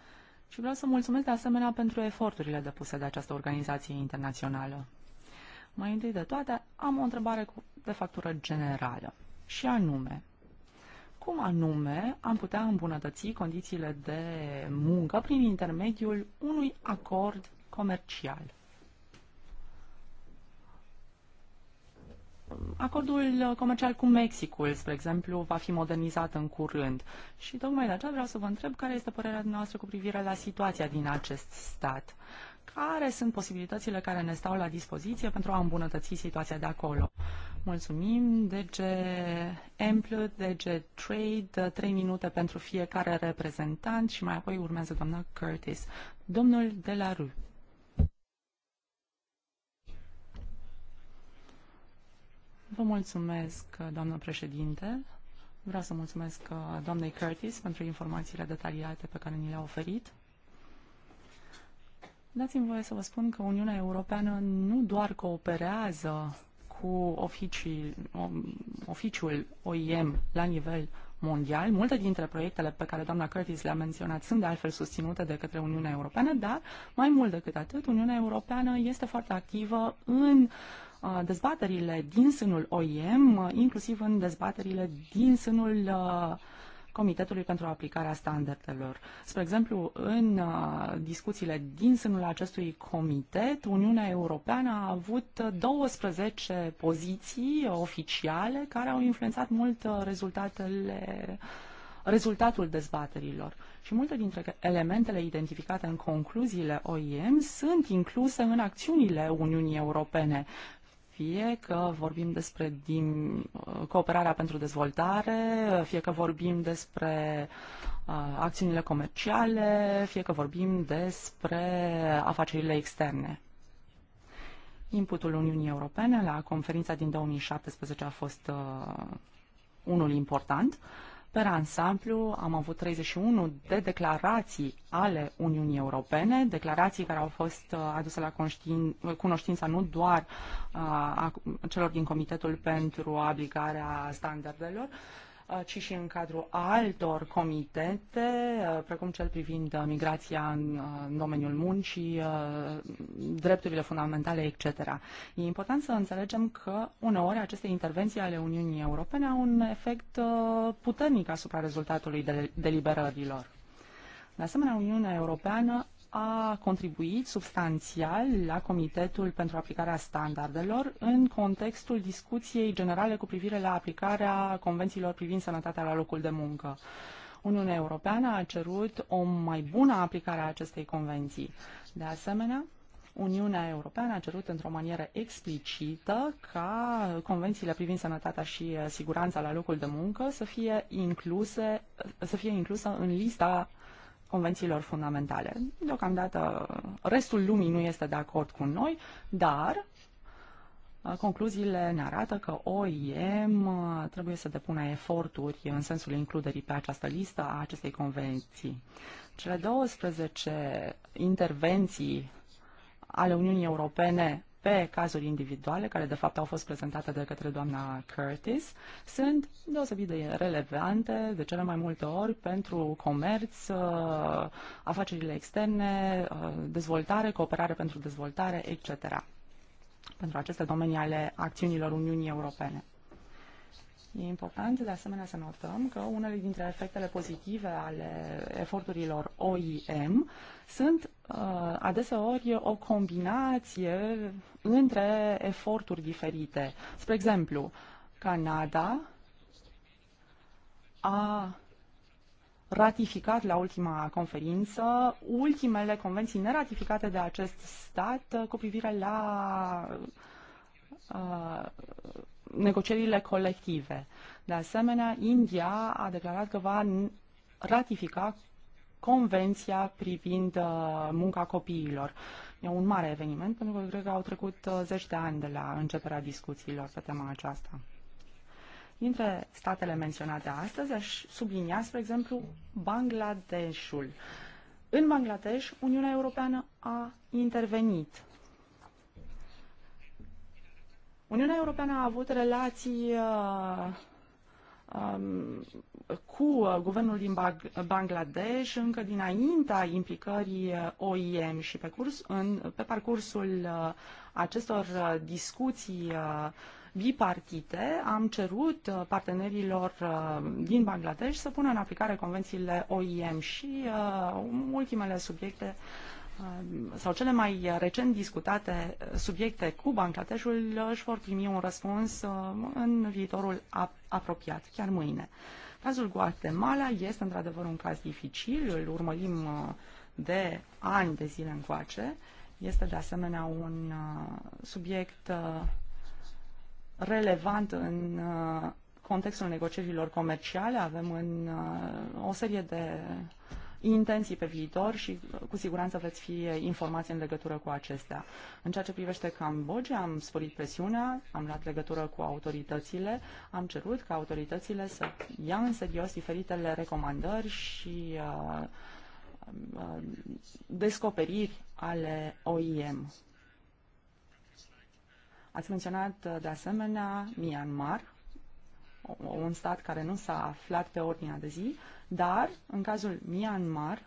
și vreau să mulțumesc de asemenea pentru eforturile depuse de această organizație internațională. Mai întâi de toate, am o întrebare de factură generală, și anume, cum anume am putea îmbunătăți condițiile de muncă prin intermediul unui acord comercial? Acordul uh, comercial cu Mexicul, spre exemplu, va fi modernizat în curând. Și tocmai de aceea vreau să vă întreb care este părerea noastră cu privire la situația din acest stat. Care sunt posibilitățile care ne stau la dispoziție pentru a îmbunătăți situația de acolo? Mulțumim. DG Emplu, DG Trade, uh, trei minute pentru fiecare reprezentant și mai apoi urmează doamna Curtis. Domnul de la Rue. Vă mulțumesc, doamnă președinte. Vreau să mulțumesc uh, doamnei Curtis pentru informațiile detaliate pe care ni le-a oferit. Dați-mi voie să vă spun că Uniunea Europeană nu doar cooperează cu oficiul OIM la nivel mondial. Multe dintre proiectele pe care doamna Curtis le-a menționat sunt de altfel susținute de către Uniunea Europeană, dar mai mult decât atât, Uniunea Europeană este foarte activă în uh, Uh, dezbaterile din sânul OIM, uh, inclusiv în dezbaterile din sânul uh, Comitetului pentru aplicarea standardelor. Spre exemplu, în discuțiile din sânul acestui comitet, Uniunea Europeană a avut 12 poziții oficiale care au influențat mult rezultatele rezultatul dezbaterilor. Și multe dintre elementele identificate în concluziile OIM sunt incluse în acțiunile Uniunii Europene fie că vorbim despre din, cooperarea pentru dezvoltare, fie că vorbim despre uh, acțiunile comerciale, fie că vorbim despre afacerile externe. Inputul Uniunii Europene la conferința din 2017 a fost uh, unul important. Uh, Per ansamblu am avut 31 de declarații ale Uniunii Europene, declarații care au fost uh, aduse la cunoștința nu doar uh, a celor din Comitetul pentru Abligarea standardelor, Uh, ci și în cadrul altor comitete, uh, precum cel privind uh, migrația în domeniul muncii, drepturile fundamentale, etc. E important să înțelegem că uneori aceste intervenții ale Uniunii Europene au un efect puternic asupra rezultatului deliberărilor. De asemenea, Uniunea Europeană a contribuit substanțial la Comitetul pentru aplicarea standardelor în contextul discuției generale cu privire la aplicarea convențiilor privind sănătatea la locul de muncă. Uniunea Europeană a cerut o mai bună aplicare a acestei convenții. De asemenea, Uniunea Europeană a cerut într-o manieră explicită ca convențiile privind sănătatea și uh, siguranța la locul de muncă să fie incluse, să fie inclusă în lista convențiilor fundamentale. Deocamdată restul lumii nu este de acord cu noi, dar uh, concluziile ne arată că OIM uh, trebuie să depună eforturi în sensul includerii pe această listă a acestei convenții. Cele 12 intervenții ale Uniunii Europene pe cazuri individuale, care de fapt au fost prezentate de către doamna Curtis, sunt deosebit de relevante de cele mai multe ori pentru comerț, uh, afacerile externe, uh, dezvoltare, cooperare pentru dezvoltare, etc. Pentru aceste domenii ale acțiunilor Uniunii Europene. E important, de asemenea, să notăm că unele dintre efectele pozitive ale eforturilor OIM sunt uh, adeseori o combinație între eforturi diferite. Spre exemplu, Canada a ratificat la ultima conferință ultimele convenții neratificate de acest stat uh, cu privire la uh, negocierile colective. De asemenea, India a declarat că va ratifica Convenția privind uh, munca copiilor. E un mare eveniment pentru că cred că au trecut uh, zeci de ani de la începerea discuțiilor pe tema aceasta. Dintre statele menționate astăzi, aș sublinia, spre exemplu, Bangladeshul. În Bangladesh, Uniunea Europeană a intervenit Uniunea Europeană a avut relații uh, um, cu uh, guvernul din Bangladesh încă dinaintea implicării uh, OIM și pe, curs, în, pe parcursul acestor discuții bipartite am cerut partenerilor din Bangladesh să pună în aplicare convențiile OIM și ultimele subiecte Um, sau cele mai recent discutate uh, subiecte cu Bangladeshul uh, își vor primi un răspuns uh, în viitorul apropiat, chiar mâine. Cazul Guatemala este într-adevăr un caz dificil, îl urmărim de ani de zile încoace. Este de asemenea un subiect relevant în contextul negocierilor comerciale. Avem în o serie de intenții pe viitor și uh, cu siguranță veți fi uh, informați în legătură cu acestea. În ceea ce privește Cambodgia, am sporit presiunea, am luat legătură cu autoritățile, am cerut ca autoritățile să ia în serios diferitele recomandări și uh, descoperiri ale OIM. Ați menționat de asemenea Myanmar un stat care nu s-a aflat pe ordinea de zi, dar în cazul Myanmar,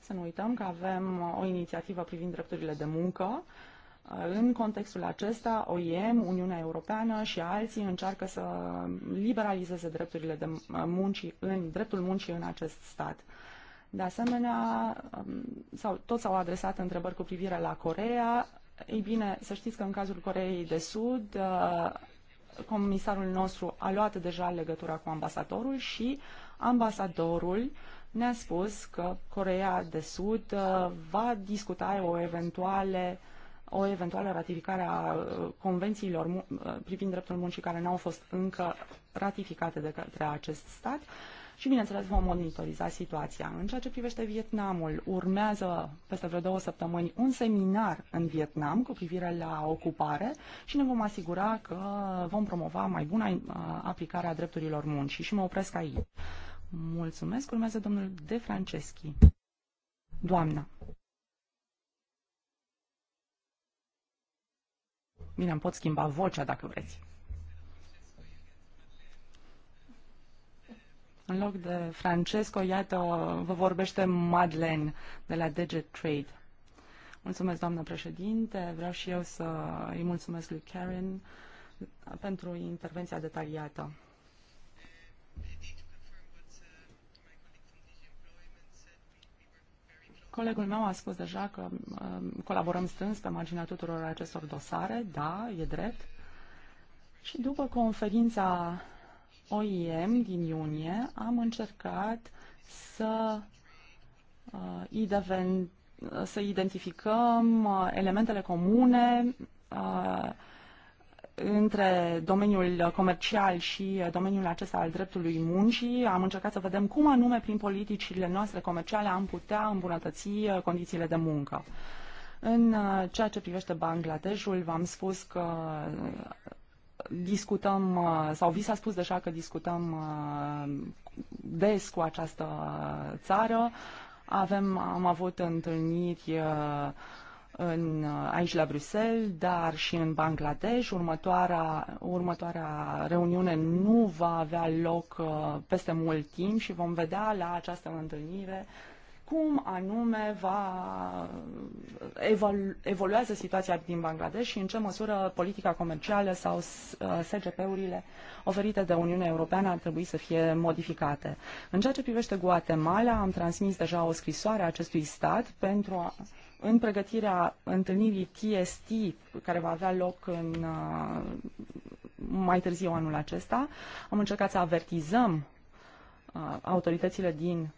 să nu uităm că avem o inițiativă privind drepturile de muncă. În contextul acesta, OIM, Uniunea Europeană și alții încearcă să liberalizeze drepturile de muncii în, dreptul muncii în acest stat. De asemenea, sau, toți au adresat întrebări cu privire la Corea. Ei bine, să știți că în cazul Coreei de Sud comisarul nostru a luat deja legătura cu ambasadorul și ambasadorul ne-a spus că Coreea de Sud uh, va discuta o eventuală o eventuală ratificare a uh, convențiilor uh, privind dreptul muncii care nu au fost încă ratificate de către acest stat și, bineînțeles, vom monitoriza situația. În ceea ce privește Vietnamul, urmează peste vreo două săptămâni un seminar în Vietnam cu privire la ocupare și ne vom asigura că vom promova mai bună uh, aplicarea drepturilor muncii și mă opresc aici. Mulțumesc. Urmează domnul De Franceschi. Doamna. Bine, am pot schimba vocea dacă vreți. În loc de Francesco, iată, vă vorbește Madeleine de la Digit Trade. Mulțumesc, doamnă președinte. Vreau și eu să îi mulțumesc lui Karen pentru intervenția detaliată. Colegul meu a spus deja că um, colaborăm strâns pe marginea tuturor acestor dosare, da, e drept. Și după conferința OIM din iunie am încercat să uh, să identificăm uh, elementele comune uh, între domeniul comercial și domeniul acesta al dreptului muncii. Am încercat să vedem cum anume prin politicile noastre comerciale am putea îmbunătăți condițiile de muncă. În ceea ce privește Bangladeshul, v-am spus că discutăm, uh, sau vi s-a spus deja că discutăm uh, des cu această țară. Avem, am avut întâlniri uh, în, aici la Bruxelles, dar și în Bangladesh. Următoarea, următoarea reuniune nu va avea loc peste mult timp și vom vedea la această întâlnire cum anume va evolu- evoluează situația din Bangladesh și în ce măsură politica comercială sau SGP-urile uh, oferite de Uniunea Europeană ar trebui să fie modificate. În ceea ce privește Guatemala, am transmis deja o scrisoare a acestui stat pentru a, în pregătirea întâlnirii TST care va avea loc în, uh, mai târziu anul acesta, am încercat să avertizăm uh, autoritățile din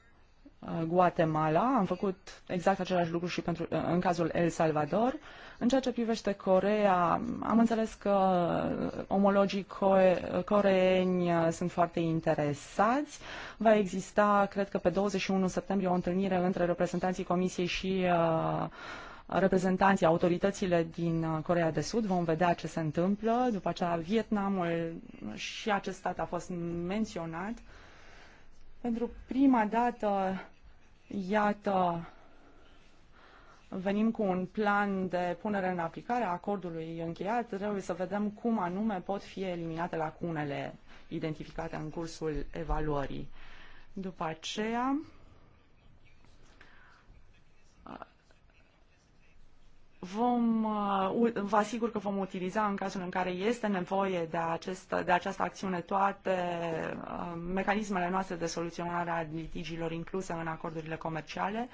Uh, Guatemala, am făcut exact același lucru și pentru, uh, în cazul El Salvador. În ceea ce privește Corea, am înțeles că uh, omologii coreeni sunt foarte interesați. Va exista, cred că pe 21 septembrie, o întâlnire între reprezentanții Comisiei și reprezentanții, autoritățile din Corea de Sud. Vom vedea ce se întâmplă. După aceea, Vietnamul și acest stat a fost menționat. Uh, pentru prima dată, iată, venim cu un plan de punere în aplicare a acordului încheiat. Trebuie să vedem cum anume pot fi eliminate lacunele identificate în cursul evaluării. După aceea, vom, uh, vă asigur că vom utiliza în cazul în care este nevoie de, acest, de această acțiune toate uh, mecanismele noastre de soluționare a litigiilor incluse în acordurile comerciale.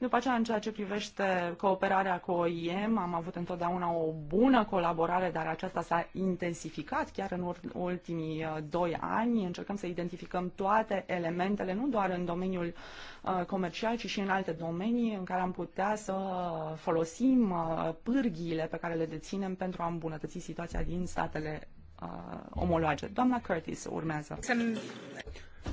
După aceea, în ceea ce privește cooperarea cu OIM, am avut întotdeauna o bună colaborare, dar aceasta s-a intensificat chiar în ultimii uh, doi ani. Încercăm să identificăm toate elementele, nu doar în domeniul uh, comercial, ci și în alte domenii în care am putea să folosim uh, pârghiile pe care le deținem pentru a îmbunătăți situația din statele omologe. Doamna Curtis urmează.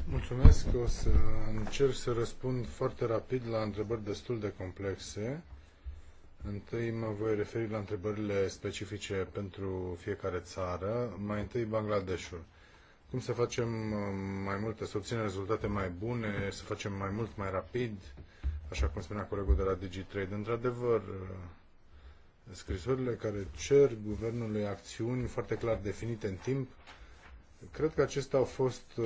Mulțumesc. O să încerc să răspund foarte rapid la întrebări destul de complexe. Întâi mă voi referi la întrebările specifice pentru fiecare țară. Mai întâi Bangladeshul. Cum să facem uh, mai multe, să obținem rezultate mai bune, să facem mai mult, mai rapid, așa cum spunea colegul de la DigiTrade. Într-adevăr, uh, scrisorile care cer guvernului acțiuni foarte clar definite în timp, Cred că acesta a fost uh,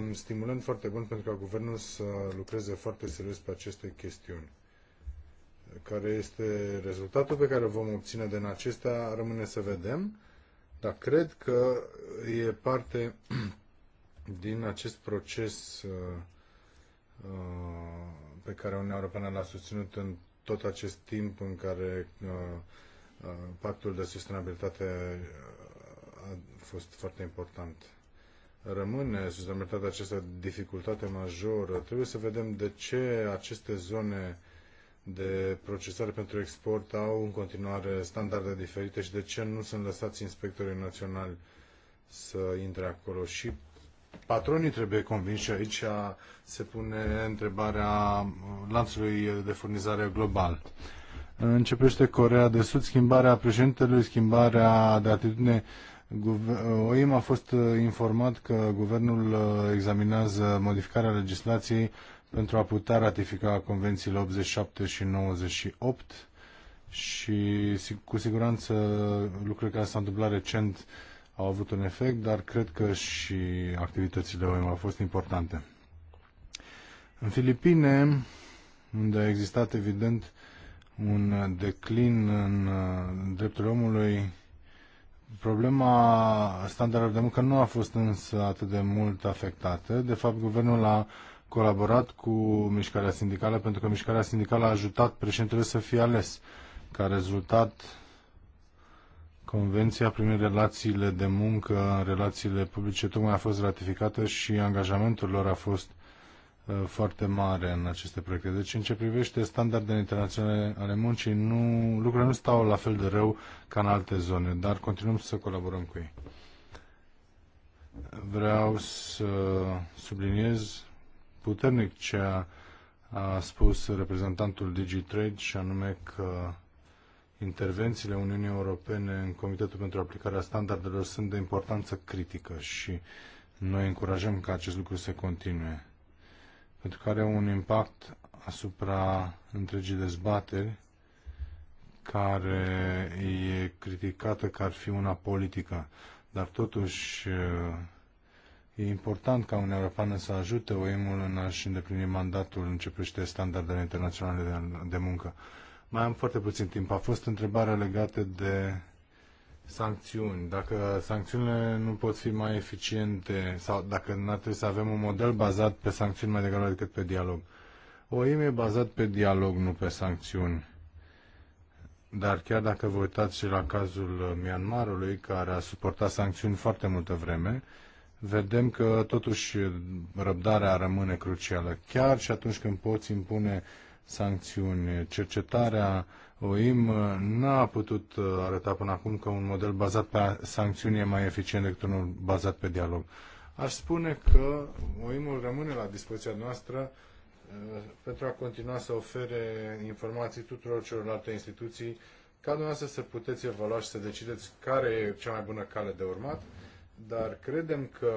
un stimulant foarte bun pentru ca guvernul să lucreze foarte serios pe aceste chestiuni. Care este rezultatul pe care vom obține din acestea, rămâne să vedem, dar cred că e parte [CLEARS THROAT] din acest proces uh, uh, pe care Uniunea Europeană l-a susținut în tot acest timp în care pactul de sustenabilitate a fost foarte important. Rămâne sustenabilitatea această dificultate majoră. Trebuie să vedem de ce aceste zone de procesare pentru export au în continuare standarde diferite și de ce nu sunt lăsați inspectorii naționali să intre acolo. Și patronii trebuie convinși aici se pune întrebarea lanțului de furnizare global. Începește Corea de Sud schimbarea președintelui, schimbarea de atitudine OIM a fost uh, informat că guvernul uh, examinează modificarea legislației pentru a putea ratifica convențiile 87 și 98 și cu siguranță lucrurile care s-au întâmplat recent au avut un efect, dar cred că și activitățile OIM au fost importante. În Filipine, unde a existat evident un declin în uh, drepturile omului, Problema standardelor de muncă nu a fost însă atât de mult afectată. De fapt, guvernul a colaborat cu mișcarea sindicală pentru că mișcarea sindicală a ajutat președintele să fie ales. Ca rezultat, Convenția privind relațiile de muncă, relațiile publice, tocmai a fost ratificată și angajamentul lor a fost Uh, foarte mare în aceste proiecte. Deci în ce privește standardele internaționale ale muncii, nu, lucrurile nu stau la fel de rău ca în alte zone, dar continuăm să colaborăm cu ei. Vreau să subliniez puternic ce a, a spus reprezentantul DigiTrade și anume că intervențiile Uniunii Europene în Comitetul pentru Aplicarea Standardelor sunt de importanță critică și noi încurajăm ca acest lucru să continue pentru că are un impact asupra întregii dezbateri care e criticată că ar fi una politică. Dar totuși e important ca Uniunea Europeană să ajute OIM-ul în a-și îndeplini mandatul în ce privește standardele internaționale de muncă. Mai am foarte puțin timp. A fost întrebarea legată de sancțiuni, dacă sancțiunile nu pot fi mai eficiente sau dacă nu ar trebui să avem un model bazat pe sancțiuni mai degrabă decât pe dialog. O e bazat pe dialog, nu pe sancțiuni. Dar chiar dacă vă uitați și la cazul Myanmarului, care a suportat sancțiuni foarte multă vreme, vedem că totuși răbdarea rămâne crucială. Chiar și atunci când poți impune uh, sancțiuni. Cercetarea OIM n-a putut uh, arăta până acum că un model bazat pe sancțiuni e mai eficient decât unul bazat pe dialog. Aș spune că OIM-ul rămâne la dispoziția noastră uh, pentru a continua să ofere informații tuturor celorlalte instituții ca dumneavoastră să puteți evalua și să decideți care e cea mai bună cale de urmat, dar credem că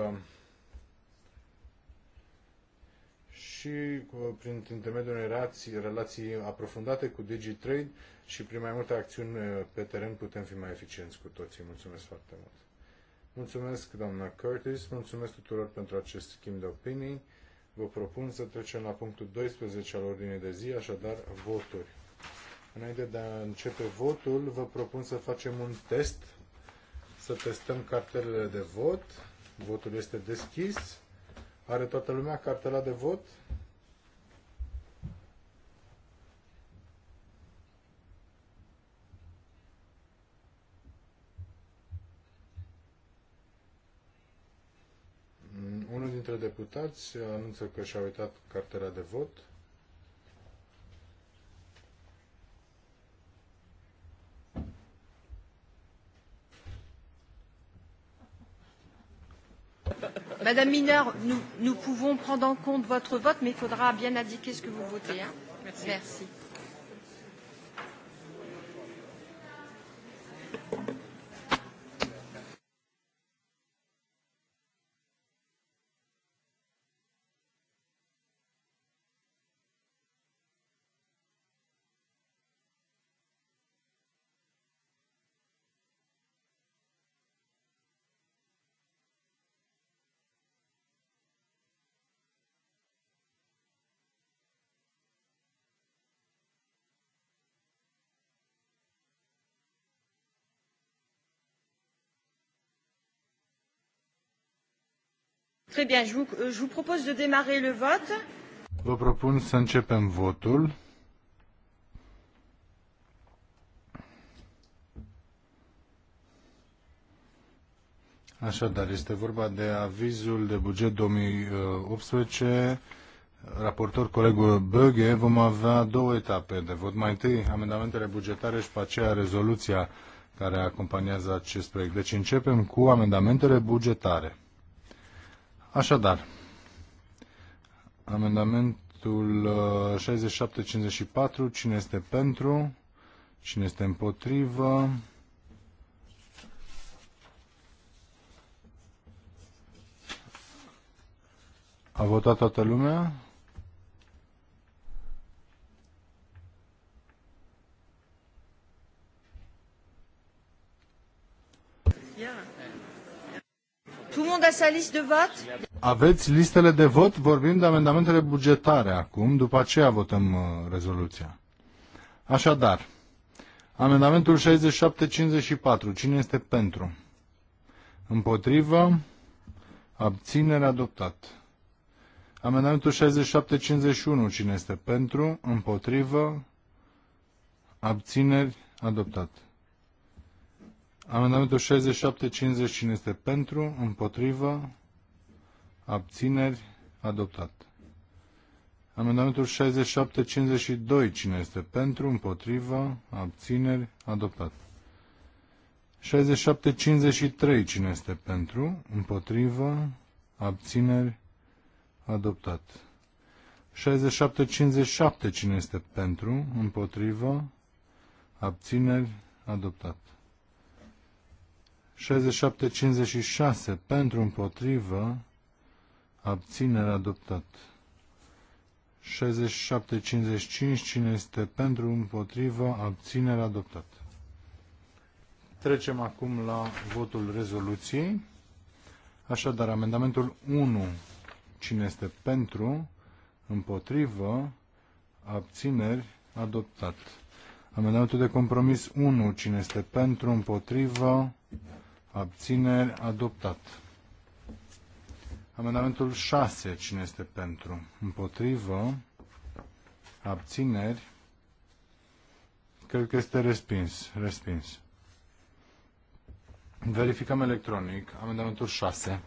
și prin intermediul unei relații, relații aprofundate cu DigiTrade și prin mai multe acțiuni uh, pe teren putem fi mai eficienți cu toții. Mulțumesc foarte mult! Mulțumesc, doamna Curtis, mulțumesc tuturor pentru acest schimb de opinii. Vă propun să trecem la punctul 12 al ordinii de zi, așadar voturi. Înainte de a începe votul, vă propun să facem un test, să testăm cartelele de vot. Votul este deschis. Are toată lumea cartela de vot? Mm, unul dintre deputați anunță că și-a uitat cartela de vot. Madame Mineur, nous, nous pouvons prendre en compte votre vote, mais il faudra bien indiquer ce que vous votez. Hein. Merci. Merci. Très bien, je vous, euh, je vous propose de démarrer le vote. Vă propun să începem votul. Așadar, este vorba de avizul de buget 2018, raportor colegul Băghe, vom avea două etape de vot. Mai întâi amendamentele bugetare și pe aceea rezoluția care acompaniază acest proiect. Deci începem cu amendamentele bugetare. Așadar, amendamentul 6754, uh, cine este pentru, cine este împotrivă, a votat toată lumea? Aveți listele de vot? Vorbim de amendamentele bugetare acum, după aceea votăm uh, rezoluția. Așadar, amendamentul 6754. Cine este pentru? Împotrivă? Abținere adoptat. Amendamentul 6751. Cine este pentru? Împotrivă? Abțineri adoptat. Amendamentul 67-50 cine este pentru, împotrivă, abțineri, adoptat. Amendamentul 67-52 cine este pentru, împotrivă, abțineri, adoptat. 67-53 cine este pentru, împotrivă, abțineri, adoptat. 67-57 cine este pentru, împotrivă, abțineri, adoptat. 67-56 pentru împotrivă, abținere adoptat. 67-55 cine este pentru împotrivă, abținere adoptat. Trecem acum la votul rezoluției. Așadar, amendamentul 1, cine este pentru, împotrivă, abțineri, adoptat. Amendamentul de compromis 1, cine este pentru, împotrivă, abțineri, adoptat. Amendamentul 6, cine este pentru? Împotrivă, abțineri, cred că este respins, respins. Verificăm electronic, amendamentul 6.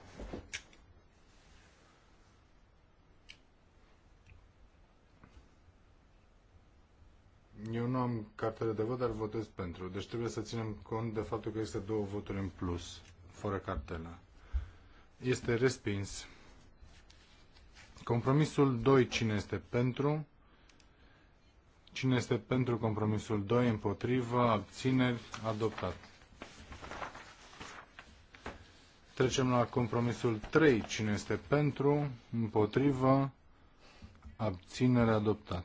Eu nu am cartele de vot, dar votez pentru. Deci trebuie să ținem cont de faptul că există două voturi în plus, fără cartela. Este respins. Compromisul 2, cine este pentru? Cine este pentru compromisul 2, împotrivă, abțineri, adoptat. Trecem la compromisul 3, cine este pentru, împotrivă, abținere, adoptat.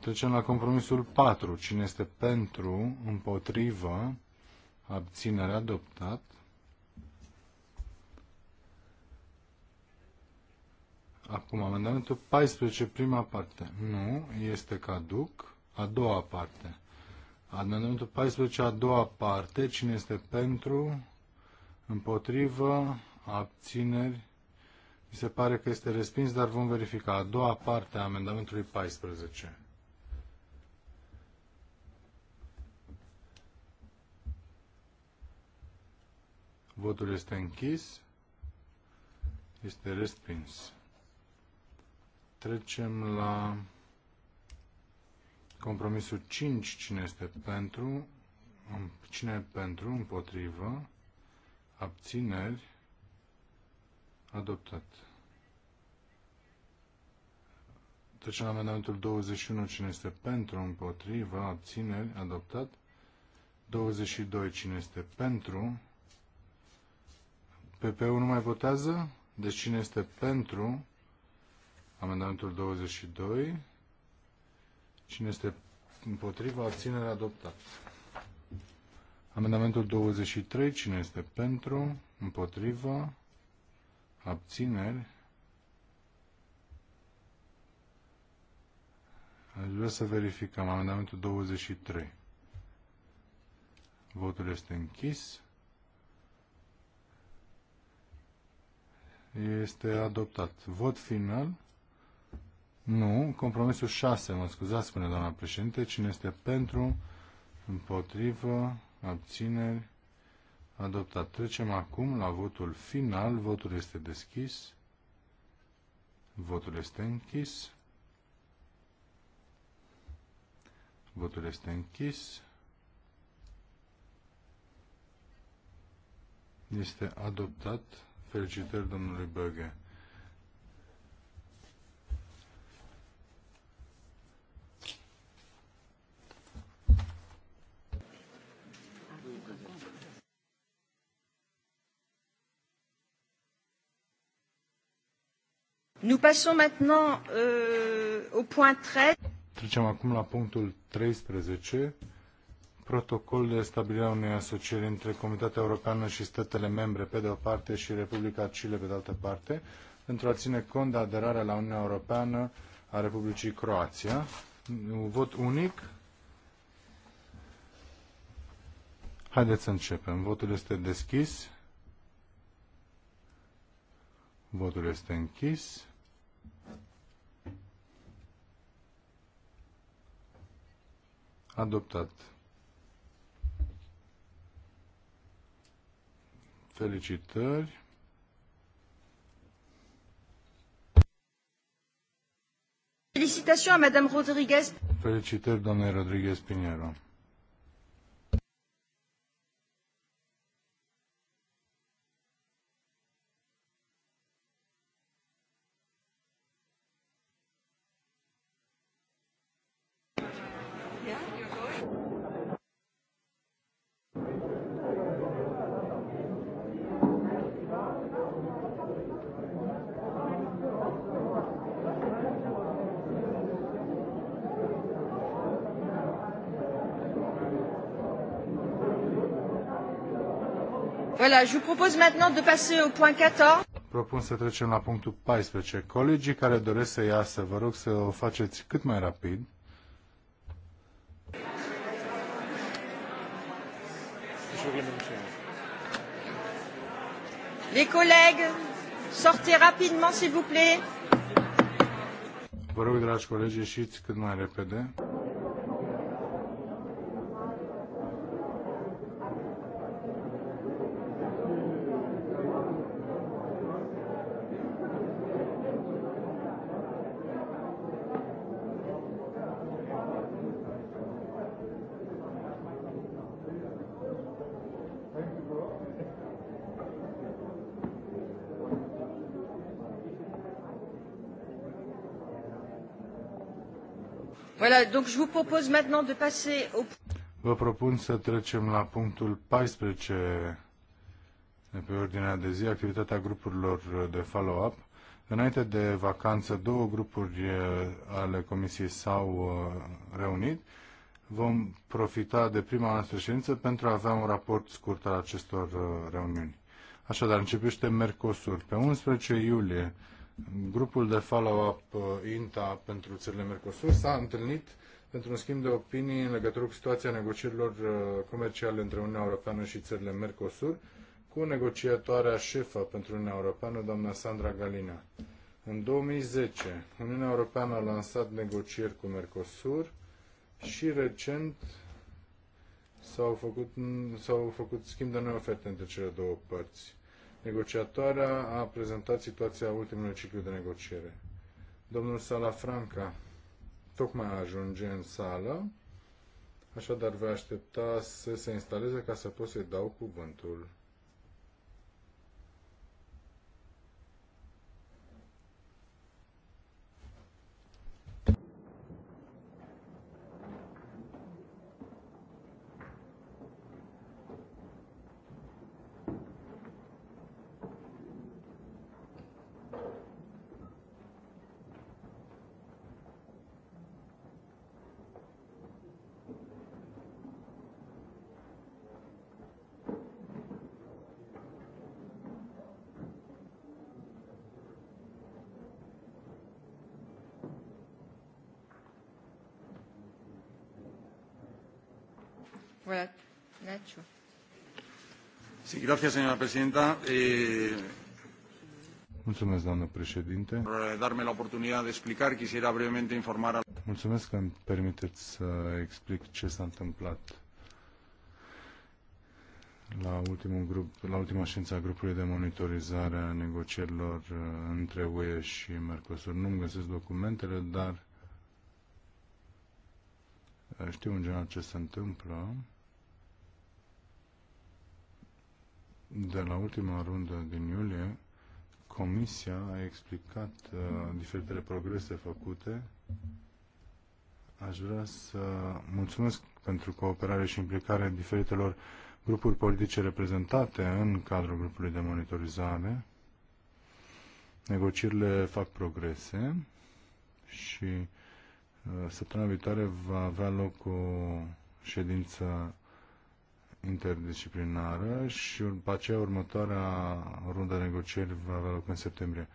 Trecem la compromisul 4. Cine este pentru, împotrivă, abținere adoptat. Acum, amendamentul 14, prima parte. Nu, este caduc. A doua parte. Amendamentul 14, a doua parte. Cine este pentru, împotrivă, abțineri. Mi se pare că este respins, dar vom verifica. A doua parte a amendamentului 14. Votul este închis. Este respins. Trecem la compromisul 5. Cine este pentru? Cine pentru? Împotrivă? Abțineri? Adoptat. Trecem la amendamentul 21. Cine este pentru? Împotrivă? Abțineri? Adoptat. 22. Cine este pentru? PP-ul nu mai votează? Deci cine este pentru amendamentul 22? Cine este împotriva? Abținere adoptat. Amendamentul 23. Cine este pentru? Împotriva? Abțineri? Aș vrea să verificăm amendamentul 23. Votul este închis. Este adoptat. Vot final. Nu. Compromisul 6, mă scuzați, spune doamna președinte. Cine este pentru? Împotrivă? Abțineri? Adoptat. Trecem acum la votul final. Votul este deschis. Votul este închis. Votul este închis. Este adoptat Felicitări domnului Băghe. Nous passons maintenant euh, au point 13. Trecem acum la punctul 13 protocol de stabilire a unei asocieri între Comunitatea Europeană și statele membre, pe de o parte, și Republica Chile, pe de altă parte, pentru a ține cont de aderarea la Uniunea Europeană a Republicii Croația. Un vot unic. Haideți să începem. Votul este deschis. Votul este închis. Adoptat. Felicitări. Felicitări, doamne Rodriguez Pinero. maintenant de passer au point 14. Propun să trecem la punctul 14. Colegii care doresc să iasă, vă rog să o faceți cât mai rapid. Les collègues, sortez rapidement s'il vous plaît. Vă rog, dragi colegi, ieșiți cât mai repede. Vă propun să trecem la punctul 14 de pe ordinea de zi, activitatea grupurilor de follow-up. Înainte de vacanță, două grupuri eh, ale Comisiei s-au eh, reunit. Vom profita de prima noastră ședință pentru a avea un raport scurt al acestor eh, reuniuni. Așadar, începește Mercosur. Pe 11 iulie, grupul de follow-up INTA pentru țările Mercosur s-a întâlnit pentru un schimb de opinii în legătură cu situația negocierilor uh, comerciale între Uniunea Europeană și țările Mercosur cu negociatoarea șefă pentru Uniunea Europeană, doamna Sandra Galina. În 2010, Uniunea Europeană a lansat negocieri cu Mercosur și recent s-au făcut, s-au făcut schimb de noi oferte între cele două părți. Negociatoarea a prezentat situația ultimului ciclu de negociere. Domnul Salafranca tocmai ajunge în sală, așadar vă aștepta să se instaleze ca să pot să-i dau cuvântul. Gracias, señora presidenta. Eh... Mulțumesc, doamnă președinte. Darme la oportunidad de explicar, quisiera brevemente informar al... Mulțumesc că îmi permiteți să explic ce s-a întâmplat la, ultimul grup, la ultima ședință a grupului de monitorizare a negocierilor uh, între UE și Mercosur. Nu-mi găsesc documentele, dar uh, știu în general ce se întâmplă. de la ultima rundă din iulie, Comisia a explicat uh, diferitele progrese făcute. Aș vrea să mulțumesc pentru cooperare și implicare diferitelor grupuri politice reprezentate în cadrul grupului de monitorizare. Negocierile fac progrese și uh, săptămâna viitoare va avea loc o ședință interdisciplinară și după aceea următoarea rundă de negocieri va avea loc în septembrie.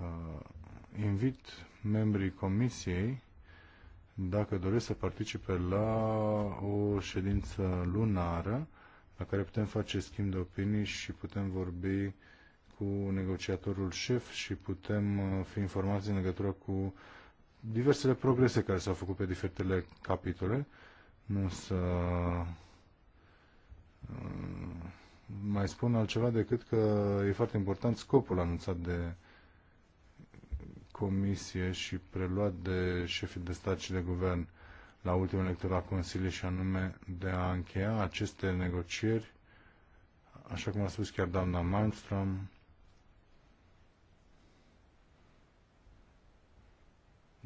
Uh, invit membrii comisiei dacă doresc să participe la o ședință lunară la care putem face schimb de opinii și putem vorbi cu negociatorul șef și putem uh, fi informați în legătură cu diversele progrese care s-au făcut pe diferitele capitole. Nu să Mm, mai spun altceva decât că e foarte important scopul anunțat de comisie și preluat de șefii de stat și de guvern la ultima lectură a Consiliului și anume de a încheia aceste negocieri, așa cum a spus chiar doamna Malmström,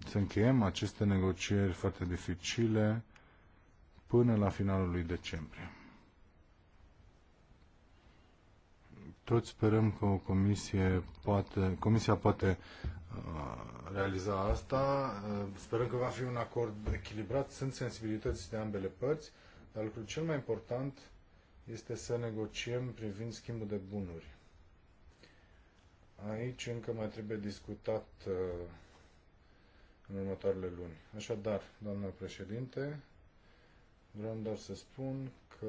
să încheiem aceste negocieri foarte dificile până la finalul lui decembrie. Toți sperăm că o comisie poate, comisia poate uh, realiza asta. Uh, sperăm că va fi un acord echilibrat. Sunt sensibilități de ambele părți, dar lucrul cel mai important este să negociem privind schimbul de bunuri. Aici încă mai trebuie discutat uh, în următoarele luni. Așadar, doamna președinte, vreau doar să spun că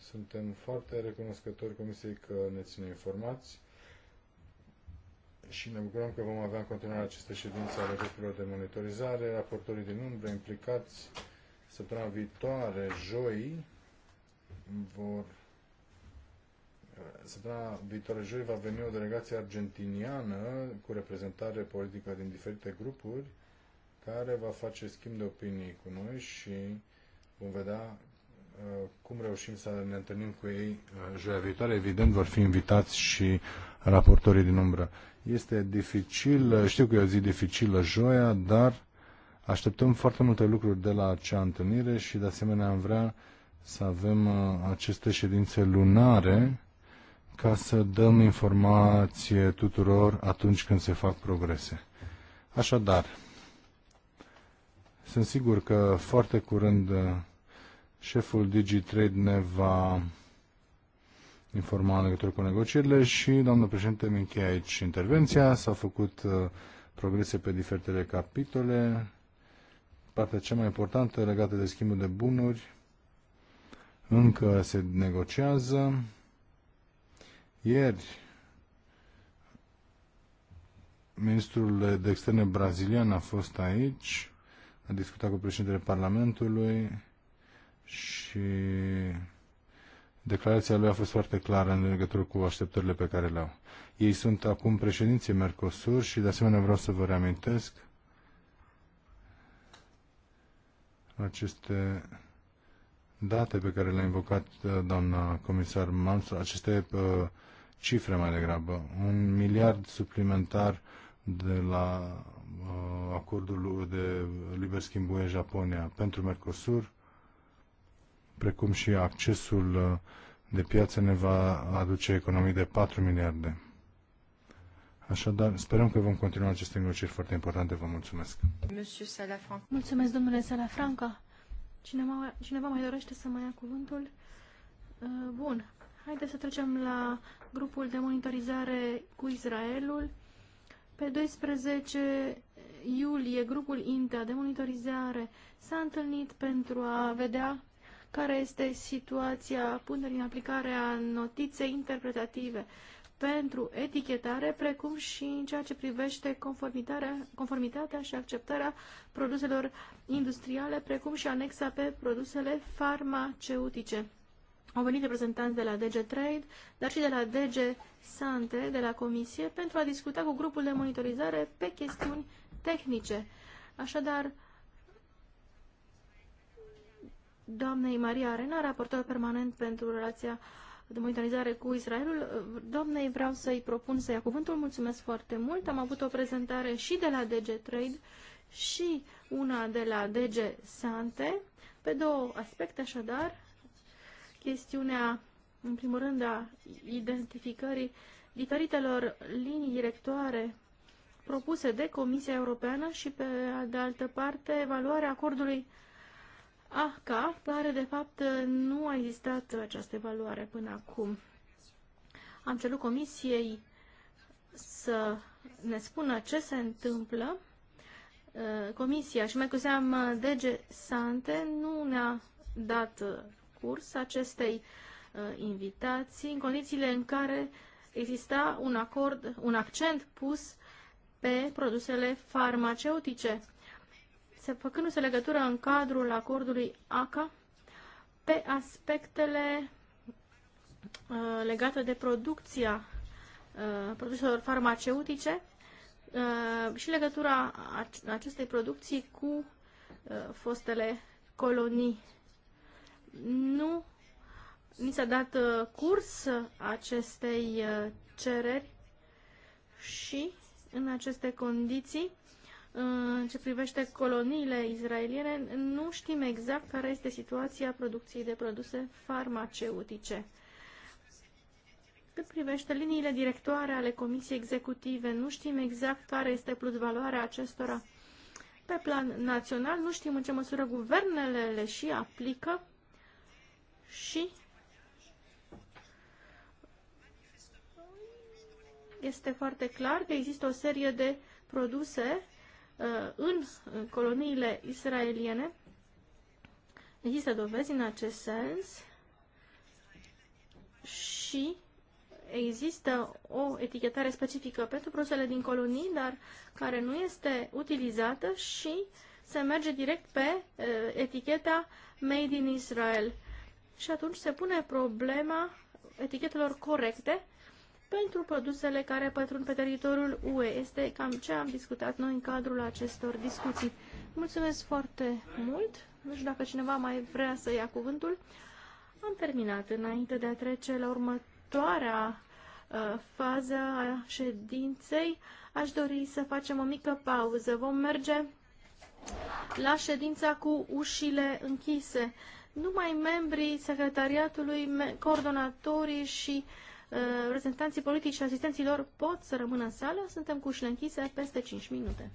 suntem foarte recunoscători Comisiei că ne ține informați și ne bucurăm că vom avea în continuare aceste ședințe ale grupurilor de monitorizare, raportorii din umbră implicați săptămâna viitoare, joi, vor săptămâna viitoare joi va veni o delegație argentiniană cu reprezentare politică din diferite grupuri care va face schimb de opinii cu noi și vom vedea Uh, cum reușim să ne întâlnim cu ei uh, joia viitoare. Evident, vor fi invitați și raportorii din umbră. Este dificil, uh, știu că e o zi dificilă joia, dar așteptăm foarte multe lucruri de la acea întâlnire și de asemenea am vrea să avem aceste ședințe lunare ca să dăm informație tuturor atunci când se fac progrese. Așadar, sunt sigur că foarte curând Șeful DigiTrade ne va informa în legătură cu negocierile și, doamnă președinte, îmi încheie aici intervenția. S-au făcut uh, progrese pe diferitele capitole. Partea cea mai importantă legată de schimbul de bunuri încă se negociază. Ieri, ministrul de externe brazilian a fost aici, a discutat cu președintele Parlamentului și declarația lui a fost foarte clară în legătură cu așteptările pe care le-au. Ei sunt acum președinții Mercosur și de asemenea vreau să vă reamintesc aceste date pe care le-a invocat uh, doamna comisar Malmström, aceste uh, cifre mai degrabă, un miliard suplimentar de la uh, acordul de liber schimb UE-Japonia pentru Mercosur, precum și accesul uh, de piață ne va aduce economii de 4 miliarde. Așadar, sperăm că vom continua aceste negocieri foarte importante. Vă mulțumesc. Mulțumesc, domnule Salafranca. Cineva, cineva mai dorește să mai ia cuvântul? Uh, bun. Haideți să trecem la grupul de monitorizare cu Israelul. Pe 12 iulie, grupul INTA de monitorizare s-a întâlnit pentru a vedea care este situația punerii în aplicare a notiței interpretative pentru etichetare, precum și în ceea ce privește conformitatea, conformitatea și acceptarea produselor industriale, precum și anexa pe produsele farmaceutice. Au venit reprezentanți de la DG Trade, dar și de la DG Sante, de la Comisie, pentru a discuta cu grupul de monitorizare pe chestiuni tehnice. Așadar, doamnei Maria Arena, raportor permanent pentru relația de monitorizare cu Israelul. Doamnei, vreau să-i propun să ia cuvântul. Mulțumesc foarte mult. Am avut o prezentare și de la DG Trade și una de la DG Sante, pe două aspecte așadar. Chestiunea, în primul rând, a identificării diferitelor linii directoare propuse de Comisia Europeană și, pe de altă parte, evaluarea acordului AHCA, dar de fapt nu a existat această evaluare până acum. Am cerut comisiei să ne spună ce se întâmplă. Uh, comisia și mai cu seamă DG Sante nu ne-a dat uh, curs acestei uh, invitații în condițiile în care exista un acord, un accent pus pe produsele farmaceutice făcându-se legătură în cadrul acordului ACA pe aspectele uh, legate de producția uh, produselor farmaceutice uh, și legătura acestei producții cu fostele colonii. Nu ni s-a dat curs acestei cereri și în aceste condiții în ce privește coloniile izraeliene, nu știm exact care este situația producției de produse farmaceutice. Cât privește liniile directoare ale Comisiei Executive, nu știm exact care este plusvaloarea acestora. Pe plan național, nu știm în ce măsură guvernele le și aplică și este foarte clar că există o serie de produse Uh, în coloniile israeliene. Există dovezi în acest sens și există o etichetare specifică pentru produsele din colonii, dar care nu este utilizată și se merge direct pe uh, eticheta Made in Israel. Și atunci se pune problema etichetelor corecte pentru produsele care pătrund pe teritoriul UE. Este cam ce am discutat noi în cadrul acestor discuții. Mulțumesc foarte mult. Nu știu dacă cineva mai vrea să ia cuvântul. Am terminat înainte de a trece la următoarea uh, fază a ședinței. Aș dori să facem o mică pauză. Vom merge la ședința cu ușile închise. Numai membrii secretariatului, coordonatorii și uh, Eh, reprezentanții politici și asistenții lor pot să rămână în sală. Suntem cu ușile închise peste 5 minute.